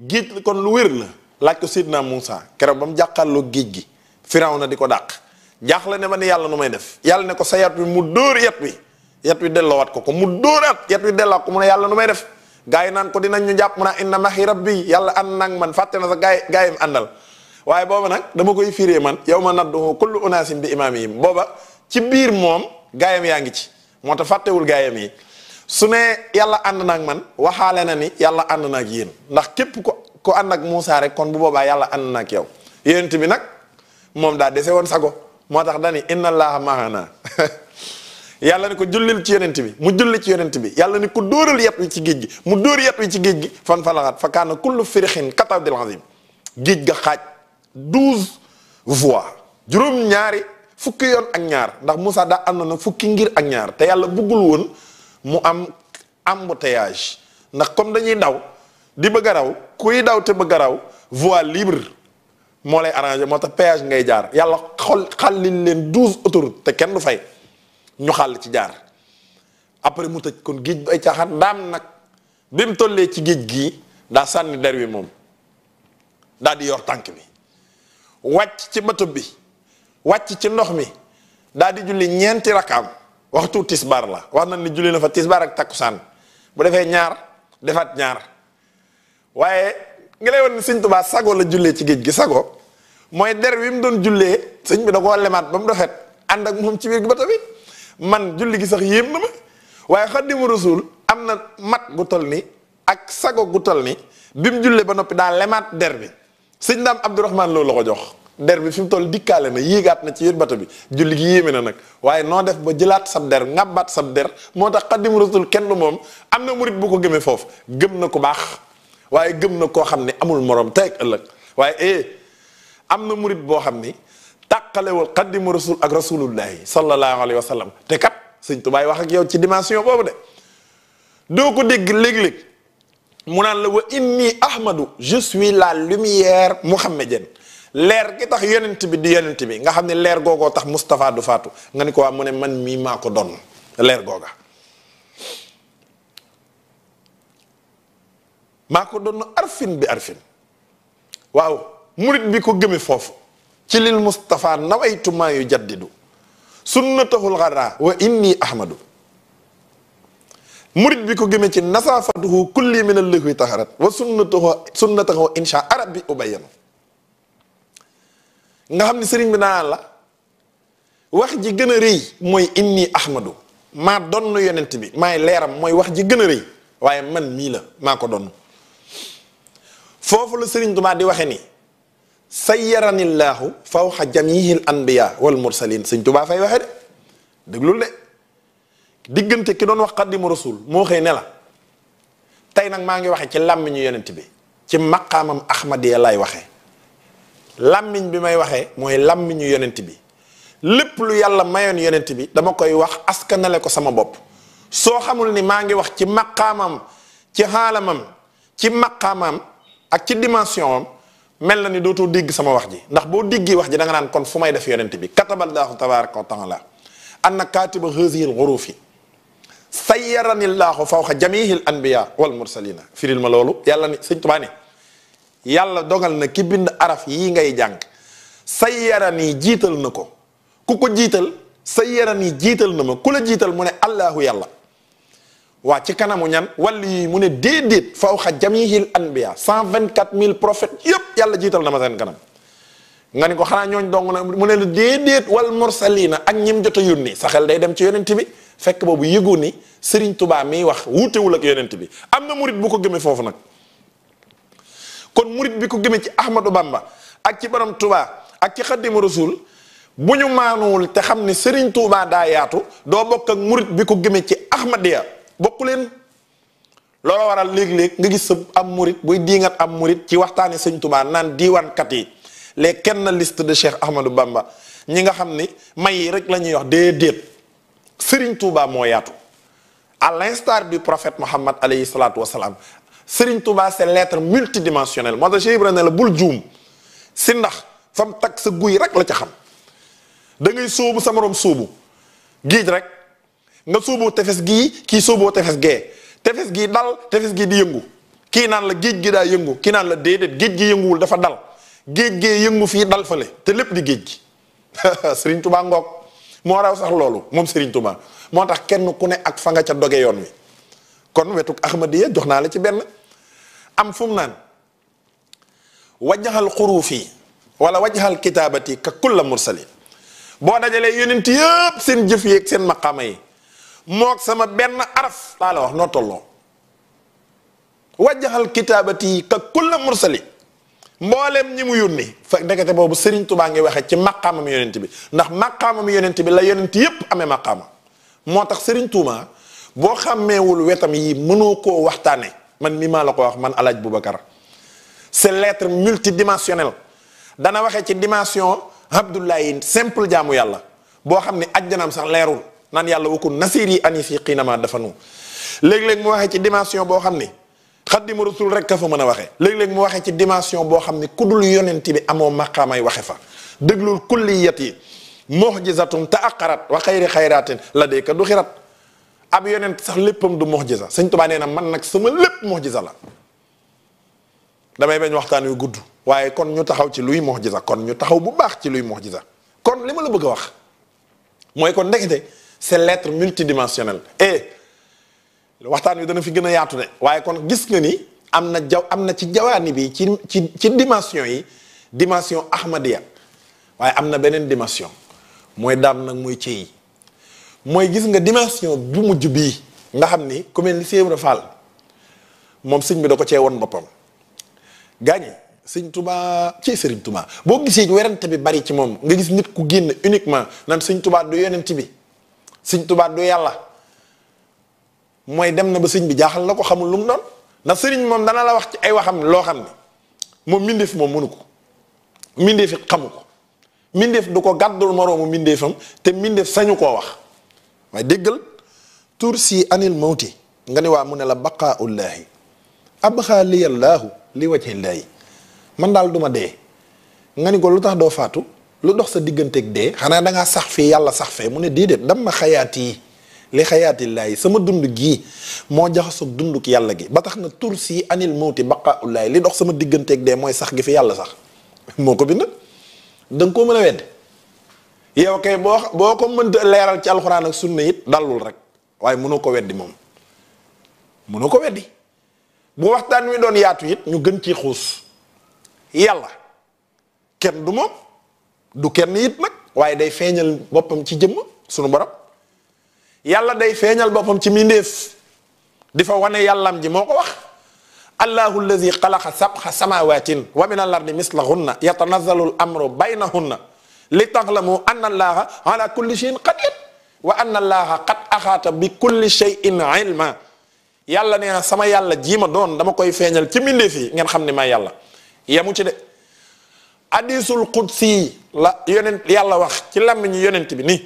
giit kon lu wir la sidna musa kero bam jaxal lu géej gi firawna diko di kodak. ne man yalla numay def yalla ne ko sayat bi wi mu dóor yat wi yat wi wat ko ko mu dóoraat yat wi delo ko mu ne yalla numay def gay nan ko dinañ ñu japp mu na inna maxi rabbi yalla an nak man fatte na sa gay gaay yi àndal waaye dama koy firé man yawma naddu kullu unasin bi imamihim boba ci bir mom gayam yaangi ci mota yi su ne yàlla ànd na ak man waxaale na ni yàlla ànd na ak yéen ndax képp ko ku ànd ak Moussa rek kon bu boobaa yàlla ànd na ak yow yonent bi nag moom daa dese woon sago moo tax dani inna allaha maana yàlla ni ko jullil ci yonent bi mu julli ci yonent bi yàlla ni ko dóoral yat wi ci géej gi mu dóor yat wi ci géej gi fan falaxat fa kaana kullu firixin katabdil azim géej ga xaaj douze voies juróom ñaari fukki yoon ak ñaar ndax Moussa daa àndoon na fukki ngir ak ñaar te yàlla buggul mu am embouteillage ndax comme dañuy daw di bëgg a raw kuy daw te bëgg a raw voie libre moo lay arrangé moo tax péage ngay jaar yàlla xol xàllil leen douze autoroutes te kenn du fay ñu xàll ci jaar après mu tëj kon géej bi ay caaxaan daam nag bi mu tollee ci géej gii daa sànni der wi moom daa di yor tànk bi wàcc ci bëtub bi wàcc ci ndox mi daa di julli ñeenti rakkaam waxtu tisbaar la wax nañ ni julli na fa tisbaar ak takkusaan bu defee ñaar defaat ñaar waaye ngi lay woon sëñ sago la jullee ci géej gi sago mooy der wi mu doon jullee sëñ bi da koo lemaat ba mu dofet ànd ak moom ci biir gi ba tamit man julli gi sax yéem na ma waaye Xaadimu Rasuul am na mat gu toll ni ak sago gu toll ni bi mu jullee ba noppi daa lemaat der bi sëñ daam Abdourahman loo la ko jox derbi fim tol dikale na yéegaat na ci yét bata bi julli gi yéeme na nak waye no def ba jilat sab der ngabat sab der motax tax rasul kenn mom amna mourid bu ko geme fof gëm na ko bax waye gëm na ko xamni amul morom tay ak ëllëg waye e amna mourid bo xamni takale wal tàqalewul rasul ak rasulullah sallallahu alaihi wasallam te kat seigne tubaay wax ak yow ci dimension bobu de do ko deg leg leg mu nan la wa inni ahmadu je suis la lumière mohammedienne leer gi tax yonent bi di yonent bi nga xam ne leer googoo tax Moustapha du faatu nga ni ko waa mu ne man mii maa ko doon leer googa maa ko doon arfin bi arfin waaw murit bi ko gëme foofu ci lil Moustapha nawaytu maa yu jaddidu sunnatahul xaraa wa inni ahmadu murit bi ko gëme ci nasaafatuhu kulli min allahi taharat wa sunnatahu sunnatahu insha arabi ubayanu nga xam ni sëriñ bi naan la wax ji gën a rëy mooy inni ahmadu maa donn yonent bi maay leeram mooy wax ji gën a rëy waaye man mii la maa ko donn foofu la sëriñ Tuubaa di waxe ni sayyaranillaahu fawxa jamihil anbiya wal mursalin sëriñ Tuubaa fay waxe de déglul de diggante ki doon wax xaddimu rasul moo xëy ne la tey nag maa ngi waxe ci làmmiñu yonent bi ci maqaamam ahmadiya lay waxe làmmiñ bi may waxe moy làmmiñu yonent bi lépp lu yàlla mayon yonent bi dama koy wax askanale ko sama bop so xamul ni maa ngi wax ci maqamam ci halamam ci maqamam ak ci dimension am mel na ni dootoo dégg sama wax ji ndax bo diggi wax ji da nga nan kon fumay def yonent bi kataballaahu tabaraka wa taala anna katiba hazihi al-ghurufi sayyarani llaahu fawqa jamihi anbiya wal mursalina firil ma lolou yàlla ni seigne touba ni yàlla dogal na ki bind araf yi ngay jàng sa sayyaran yi jiital na ko ku ko jiital sayyaran yi jiital na ma ku la jiital mu ne allahu yàlla waa ci kanamu ñan wàllu yi mu ne déedéet fawxa jamihil anbiya cent vingt quatre mille prophètes yépp yàlla jiital na ma seen kanam nga ni ko xanaa ñooñ dong na mu ne lu déedéet wal mursalina ak ñim jot a yónni sa xel day dem ci yonent bi fekk boobu yëgu ni Serigne Touba miy wax wuutewul ak yonent bi am na murit bu ko gëmee foofu nag kon mourid bi ko gëmé ci Ahmadou Bamba ak ci borom Touba ak ci khadim rasoul buñu manoul maanuwul te xam Serigne Touba da yaatu do bok ak mourid bi ko gëmé ci ahmadia bokulen leen waral leg leg nga gis am murit buy diingat am mourid ci waxtaane serigne Touba diwan diiwaankat yi les kenn liste de Cheikh Ahmadou Bamba ñi nga xamni may rek lañuy wax déedéet Serigne Touba mo yaatu à l'instar du prophète Mohammed alayhi salatu wassalam Serigne Touba c'est l'être multidimensionnel moo tax Cheikh Ibrahima ne la bul juum si ndax fam tag sa guy rek la ca xam dangay ngay sóobu sa morom sóobu géej rek nga sóoboo tefes gi kii sooboo tefes gee tefes gii dal tefes gii di yëngu kii naan la géej gi daa yëngu kii naan la déedéet géej gi yënguwul dafa dal géej gee yëngu fii dal fale te lépp di géej gi Serigne Touba ngoog moo raw sax loolu moom Serigne Touba moo tax kenn ku ne ak fa nga ca doge yoon wi. kon wetuk ahmadiya jox naa la ci benn am fu naan wajjaxal xuruufi wala wajjaxal kitaabati ka kulla mursalin boo dajalee yonent yëpp seen jëf yeek seen maqaama yi moog sama benn araf laa la wax noo tolloo wajjaxal kitaabati ka kulla mursali mboolem ñi mu yónni fa ndekete boobu Serigne baa ngi waxee ci maqaamam yonent bi ndax maqaamam yonent bi la yonent yëpp amee maqaama moo tax Serigne Touba boo xàmmeewul wetam yi mënoo koo waxtaane man mi maa la ko wax man alaaj Boubacar c'est l'être multidimensionnel dana waxe ci dimension Abdoulaye simple jaamu yàlla boo xam ne ajjanaam sax leerul naan yàlla wakun nasir yi ani fii xiinama dafa nu léeg-léeg mu waxee ci dimension boo xam ni xaddimu rasul rek ka fa mën a waxee léeg-léeg waxee ci dimension boo xam ni ku dul yonent bi amoo maqaamay waxe fa déglul kulliyat yi mu'jizatun ta'aqqarat wa xayri xayraatin la dayka du xirat ab yeneen sax léppam du mu'jiza sëñ Tuubaa nee na man nag sama lépp mu'jiza la damay bañ waxtaan wi gudd waaye kon ñu taxaw ci luy mu'jiza kon ñu taxaw bu baax ci luy mu'jiza kon li ma la bëgg a wax mooy kon ndekete c'est l'être multidimensionnel et eh, waxtaan wi dana fi gën a yaatu de waaye kon gis nga ni am na jaw am na ci jawaani bi ci ci ci dimension yi dimension ahmadiya waaye am na beneen dimension mooy daam nag muy ci mooy gis nga dimension bu mujj bii nga xam ni ku mel ni Cheikh Ibra Fall moom sëñ bi da ko cee woon boppam gaañi sëñ Touba ci sëriñ Touba boo gisee werante bi bari ci moom nga gis nit ku génn uniquement naan sëñ Touba du yonent bi sëñ Touba du yàlla mooy dem na ba sëñ bi jaaxal na ko xamul lu mu doon ndax sëriñ moom dana la wax ci ay waxam loo xam ne moom mbindeef moom mënu ko mbindeef it xamu ko mbindeef du ko gàddul moroomu mbindeefam te mbindeef sañu koo wax waaye déggal tur si anil mawti nga ni waa mu ne la baqaaullaahi abxaa liyallaahu li wajhillaahi man daal du ma dee nga ni ko lu tax doo faatu lu dox sa digganteeg dee xanaa dangaa ngaa sax fii yàlla sax fee mu ne déedéet dam ma xayaat yi li xayaatillaahi sama dund gii moo jaxasoog dunduk yàlla gi ba tax na tur si anil mawti baqaaullaahi li dox sama digganteeg dee mooy sax gi fi yàlla sax moo ko bind da nga koo mën a wedd yow kay boo ko mënta leeral ci alxuraan ak sunna it dalul rek waaye mënoo ko weddi moom mënoo ko weddi bu waxtaan wi doon yaatu it ñu gën ci xuus yàlla kenn du moom du kenn it nag waaye day feeñal boppam ci jëmm sunu borom yàlla day feeñal boppam ci mbindéef di fa wane yàllam ji moo ko wax allahu alladi xalaqa sabxa samawaatin wa min al ardi mislahunna yatanazalu al amru baynahunna li ta'lamu anna allaha ala kulli shay'in qadir wa anna allaha qad axaata bi kulli shay'in ilma yàlla nee sama yàlla jii ma doon dama koy feeñal ci mbindeef fii ngeen xam ni maa yàlla yamu ci de hadisul qudsi la yonent yàlla wax ci làmmiñu yonent bi nii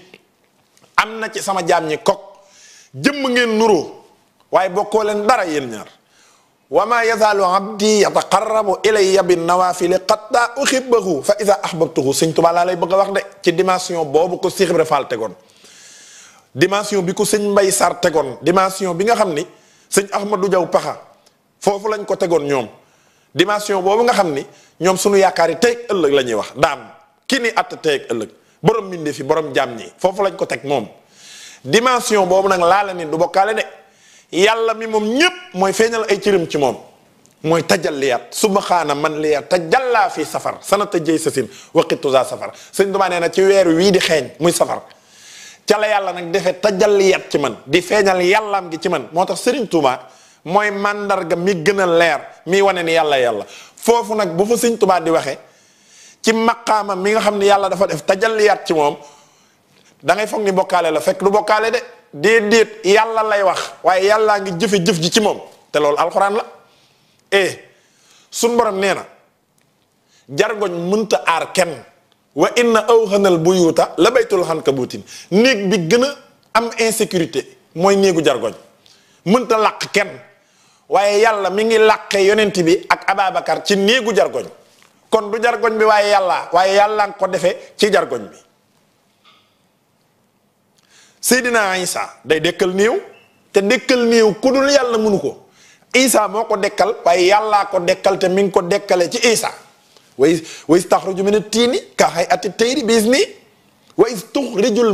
am na ci sama jaam ñi kok jëmm ngeen nuroo waaye bokkoo leen dara yéen ñaar wa ma yazaalu abdi yataqarrabu ilayya bin nawaafili qatta uhibbahu fa iza ahbabtuhu sëñ Tuubaa laa lay bëgg a wax de ci dimension boobu ko Cheikh Ibra Fall tegoon dimension bi ko sëñ Mbay Sarr tegoon dimension bi nga xam ni sëñ Ahmadou jaw Paxa foofu lañ ko tegoon ñoom dimension boobu nga xam ni ñoom suñu yaakaar yi teeg ëllëg la ñuy wax daam ki ni att teeg ëllëg borom mbindee fi borom jaam ñi foofu lañ ko teg moom dimension boobu nag laa la ni du bokkaale de yàlla mi moom ñépp mooy feeñal ay cëram ci moom mooy tajal tajalliyaat subhaana man liya tajallaa fii safar sanata jëy sasin waqitu za safar sëñ Tuubaa nee na ci weeru wii di xeeñ muy safar ca yàlla nag defee tajalliyaat ci man di feeñal yàllaam gi ci man moo tax sëriñ Tuubaa mooy màndarga mi gën a leer mi wane ni yàlla yàlla foofu nag bu fa sëñ Tuubaa di waxee ci maqaamam mi nga xam ne yàlla dafa def tajalliyaat ci moom da foog ni bokkaale déedéet yàlla lay wax waaye yàllaa ngi jëfe jëf ji ci moom te loolu alxuraan la e eh, suñ borom nee na jargoñ mënta aar kenn wa inna awhanal buyuta la baytul xankabutin néeg bi gën a am insécurité mooy néegu jargoñ mënta làq kenn waaye yàlla mu ngi làqee yonent bi ak Ababacar ci néegu jargoñ kon du jargoñ bi waaye yàlla waaye yàlla nga ko defee ci jargoñ bi Seydina Isa day dekkal néew te dekkal néew ku dul yàlla mënu ko Isa moo ko dekkal waaye yàllaa ko dekkal te mi ngi ko dekkale ci Isa wa wa is taxruju mina tiini ka hay'ati tayri bi izni wa is tuxrijul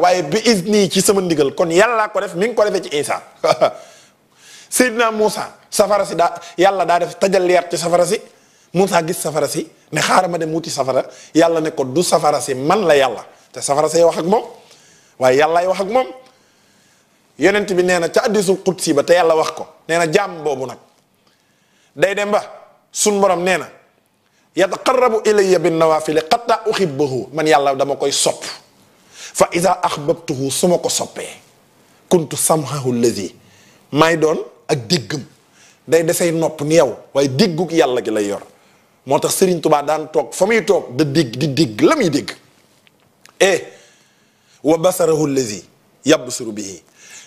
waaye bi izni ci sama ndigal kon yàllaa ko def mi ngi ko defee ci Isa Seydina Moussa safara si daa yàlla daa def tajal leer ci safara si Moussa gis safara si ne xaaral ma dem wuti safara yàlla ne ko du safara si man la yàlla te safara say wax ak moom. waaye yàllaay wax ak moom yonent bi nee na ca addisul qudsi ba te yàlla wax ko nee na jaam boobu nag day dem ba sun borom nee na yataqarrabu ilayya bin nawafili xatta uhibbahu man yàlla dama koy sopp fa ida ahbabtuhu su ma ko soppee kuntu samhahu lazi maay doon ak déggam day desay nopp ni yow waaye dégguk yàlla gi lay yor moo tax Serigne Touba daan toog fa muy toog da digg di digg la muy dégg eh, wa basarahu allazi yabsuru bihi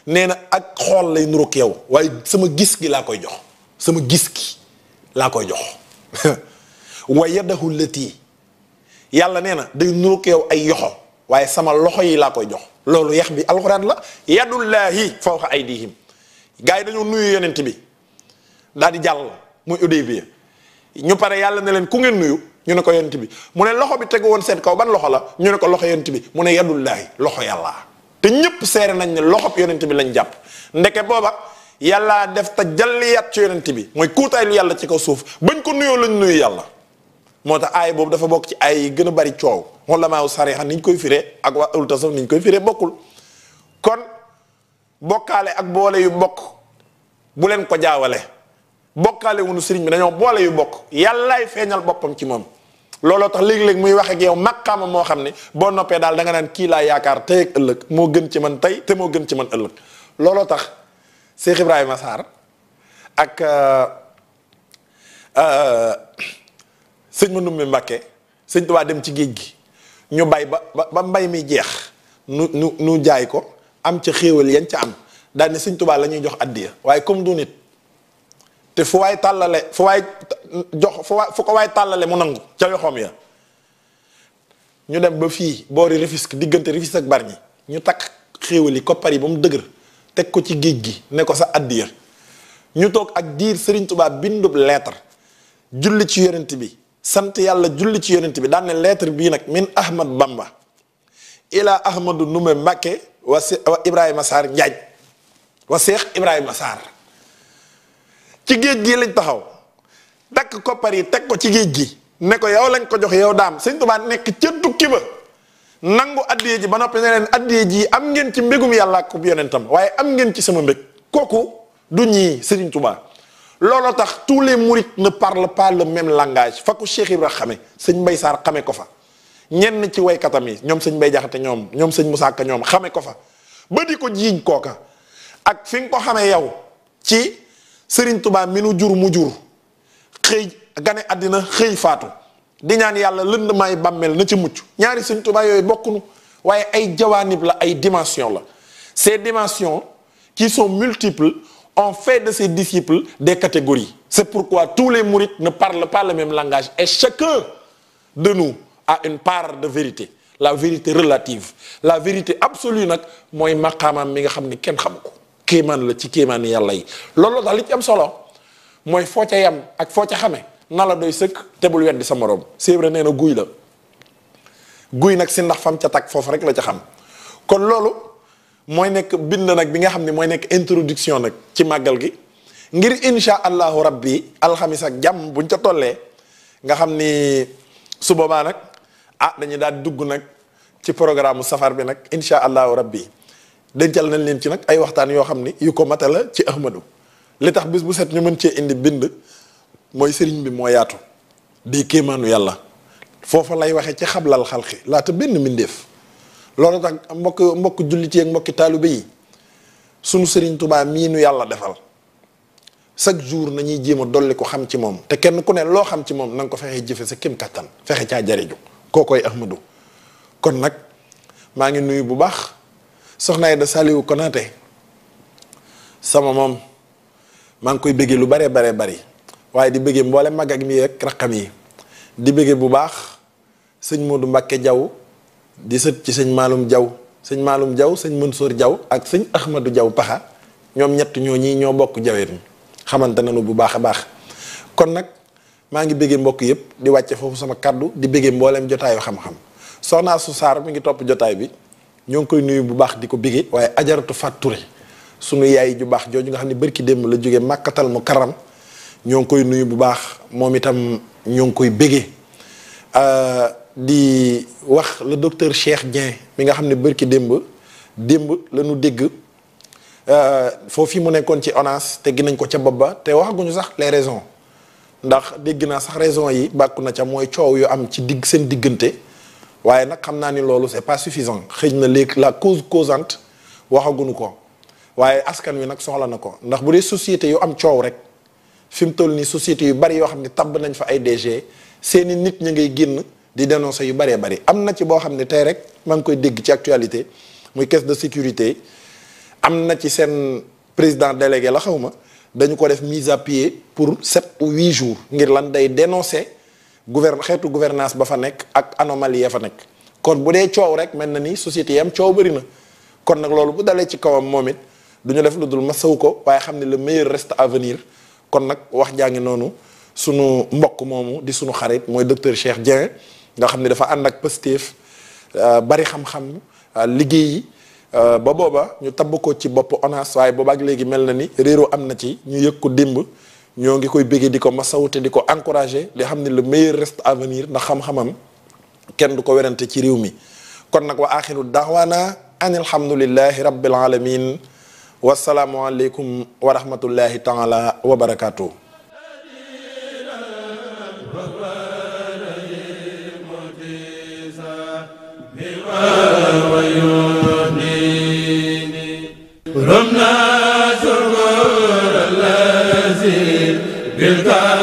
nee na ak xool lay nuruk yow waaye sama gis gi laa koy jox sama gis gi laa koy jox wa yadahu lati yàlla nee na day nuruk yow ay yoxo waaye sama loxo yi laa koy jox loolu yax bi alxuraan la yadullahi fawqa aydihim gars yi dañoo nuyu yonent bi daal di jàll muy udaybiya ñu pare yàlla ne leen ku ngeen nuyu ñu ne ko yonent bi mu ne loxo bi tegu woon seen kaw ban loxo la ñu ne ko loxo yonent bi mu ne yadullaahi loxo yàllaa te ñëpp seere nañ ne loxo yonent bi lañ jàpp ndeke booba yàlla def tajalliyat ci yonent bi mooy kuutaay lu yàlla ci ko suuf bañ ko nuyoo lañu nuyu yàlla moo tax aay boobu dafa bokk ci aay yi gën a bari coow xolamaaw sariha niñ koy fire ak waa ulta sax niñ koy fire bokkul kon bokkaale ak boole yu bokk bu leen ko jaawale bokkaale wunu sëriñ bi dañoo boole yu bokk yàllaay feeñal boppam ci moom lolo tax leg leg muy wax ak yow makam mo xamni bo noppé dal da nga nan ki la yakar tey ak euleuk mo gën ci man tey te mo gën ci man euleuk lolo tax Cheikh ibrahim assar ak euh, euh, sëñ ma numbi mbacké seigne touba dem ci geej gi ñu bay ba ba mbay mi jeex nu nu jaay ko am ci xéewal yeen ci am dal ni seigne touba la jox addiya waye comme du nit te fu waay tàllale fu waay jox fu waay fu ko waay tàllale mu nangu ca yoxoom ya ñu dem ba fii boori Rufisque diggante Rufisque ak Bargny ñu takk xéewali koppar yi ba mu dëgër teg ko ci géej gi ne ko sa addiya ñu toog ak diir sëriñ tubaab bindub lettre julli ci yonent bi sant yàlla julli ci yonent bi daan ne bii nag min Ahmad Bamba ila Ahmadu Nume Mbacke wa Ibrahima Sarr Njaaj wa Seex Ibrahima Sarr ci géej gi lañ taxaw takk koppar yi teg ko ci géej gi ne ko yow lañ ko jox yow daam sëñ Tuubaa nekk ca tukki ba nangu addiye ji ba noppi ne leen addiye ji am ngeen ci mbégum yàlla ak yonentam waaye am ngeen ci sama mbég kooku du ñii sëñ Tuubaa looloo tax tous les mourides ne parlent pas le même langage fa ko Cheikh Ibra xame sëñ Mbay Saar xame ko fa ñenn ci waykatam yi ñoom sëñ Mbay Jaxate ñoom ñoom sëñ Musaa Ka ñoom xame ko fa ba di ko jiiñ kooka ak fi nga ko xamee yow Serigne Touba mi jur mu jur xey gane adina xey fatou di ñaan yalla lënd may bammel na ci muccu ñaari Serigne Touba yooyu bokkunu waye ay jawaanib la ay dimension la ces dimensions qui sont multiples ont fait de ses disciples des catégories c'est pourquoi tous les mourides ne parlent pas le même langage et chacun de nous a une part de vérité la vérité relative la vérité absolue nak moy maqama mi nga xamni ni kenn kéman la ci kéman yalla yi loolu dal li ci am solo moy fo ca yam ak fo ca xamé na la doy seuk te bul weddi sa morom c'est vrai na guuy la guuy nak si ndax fam ca tak fofu rek la ca xam kon loolu moy nek bind nak bi nga xamni moy nek introduction nak ci magal gi ngir insha allah rabbi alxamis ak jam buñ ca tollé nga xamni ni su boba nak ah dañu daal dugg nak ci programme safar bi nak insha allah rabbi dencal nañ leen ci nag ay waxtaan yoo xam ni yu ko mata la ci Ahmadou li tax bis bu set ñu mën cee indi bind mooy sëriñ bi moo yaatu di kéemaanu yàlla foofa lay waxee ci xablal xalxi laata benn mbindeef loolu tax mbokk mbokk jullit yi ak mbokki taalibe yi sunu sëriñ tubaa mii nu yàlla defal chaque jour nañuy jéem a dolli ko xam ci moom te kenn ku ne loo xam ci moom na ko fexee jëfe sa kem kattan fexe caa jariñu koo koy Ahmadou kon nag maa ngi nuyu bu baax soxna da saliw Konaté sama mom mang koy bëggee lu bare bare bari waye di bëggee mbolé mag ak mi ak yi di bëggee bu baax señ Modou mbacké jaw di seut ci señ malum jaw señ malum jaw señ Mansour jaw ak señ Ahmadou jaw Paxa ñom ñett ñoo ñi ñoo bokk jaweetu xamantana nu bu baaxa baax kon nak maa ngi mbokk yépp di wàcce fofu sama kaddu di bëggee mbooleem jotaayu xam-xam soxna su saar mi ngi top jotaay bi ñoo ngi koy nuyu bu baax di ko bigee waaye ajaratu Fatou suñu yaay ju baax jooju nga xam ne barki démb la jógee màkkatal mu karam ñoo ngi koy nuyu bu baax moom itam ñoo ngi koy bégee euh, di wax le docteur Cheikh Dieng mi nga xam ne barki démb démb la ñu dégg euh, foofu mu nekkoon ci ONAS te nañ ko ca bopp ba te waxaguñu sax les raisons ndax dégg naa sax raisons yi bàkku na ca mooy coow yu am ci digg seen diggante waaye nag xam ni loolu c'est pas suffisant xëy na la cause causante waxaguñu ko waaye askan wi nag soxla na ko ndax bu société yu am coow rek fi mu société yu bari yo xam ne tabb nañ fa ay DG seeni nit ñi ngay génn di dénoncer yu baree bari am na ci boo xam ne rek maa koy dégg ci actualité muy caisse de sécurité am na ci seen président délégué la xaw ma dañu ko def mise à pied pour sept ou huit jours ngir lan day dénoncer gouverne xeetu gouvernance ba fa nekk ak anomalie ya fa nekk kon bu dee coow rek mel na ni société yam coow bëri na kon nag loolu bu dalee ci kawam moom it du ñu def lu dul masawu ko waaye xam ne le meilleur reste à kon nag wax jàngi noonu sunu mbokk moomu di suñu xarit mooy docteur Cheikh Dieng nga xam ne dafa ànd ak positif euh, bari xam-xam euh, liggéey yi euh, ba booba ñu tabb ko ci bopp ONAS waaye boobaak léegi mel na ni réeroo am na ci ñu yëg ko dimb ñoo ngi koy bëggé diko ko masawu te di li xamni le meilleur reste à venir na xam-xamam kenn du ko werante ci réew mi kon nak wa akhiru da'wana anil hamdulillahi rabbil alamin wa assalamu alaykum wa rahmatullahi taala wa barakatuh رمنا Verdade.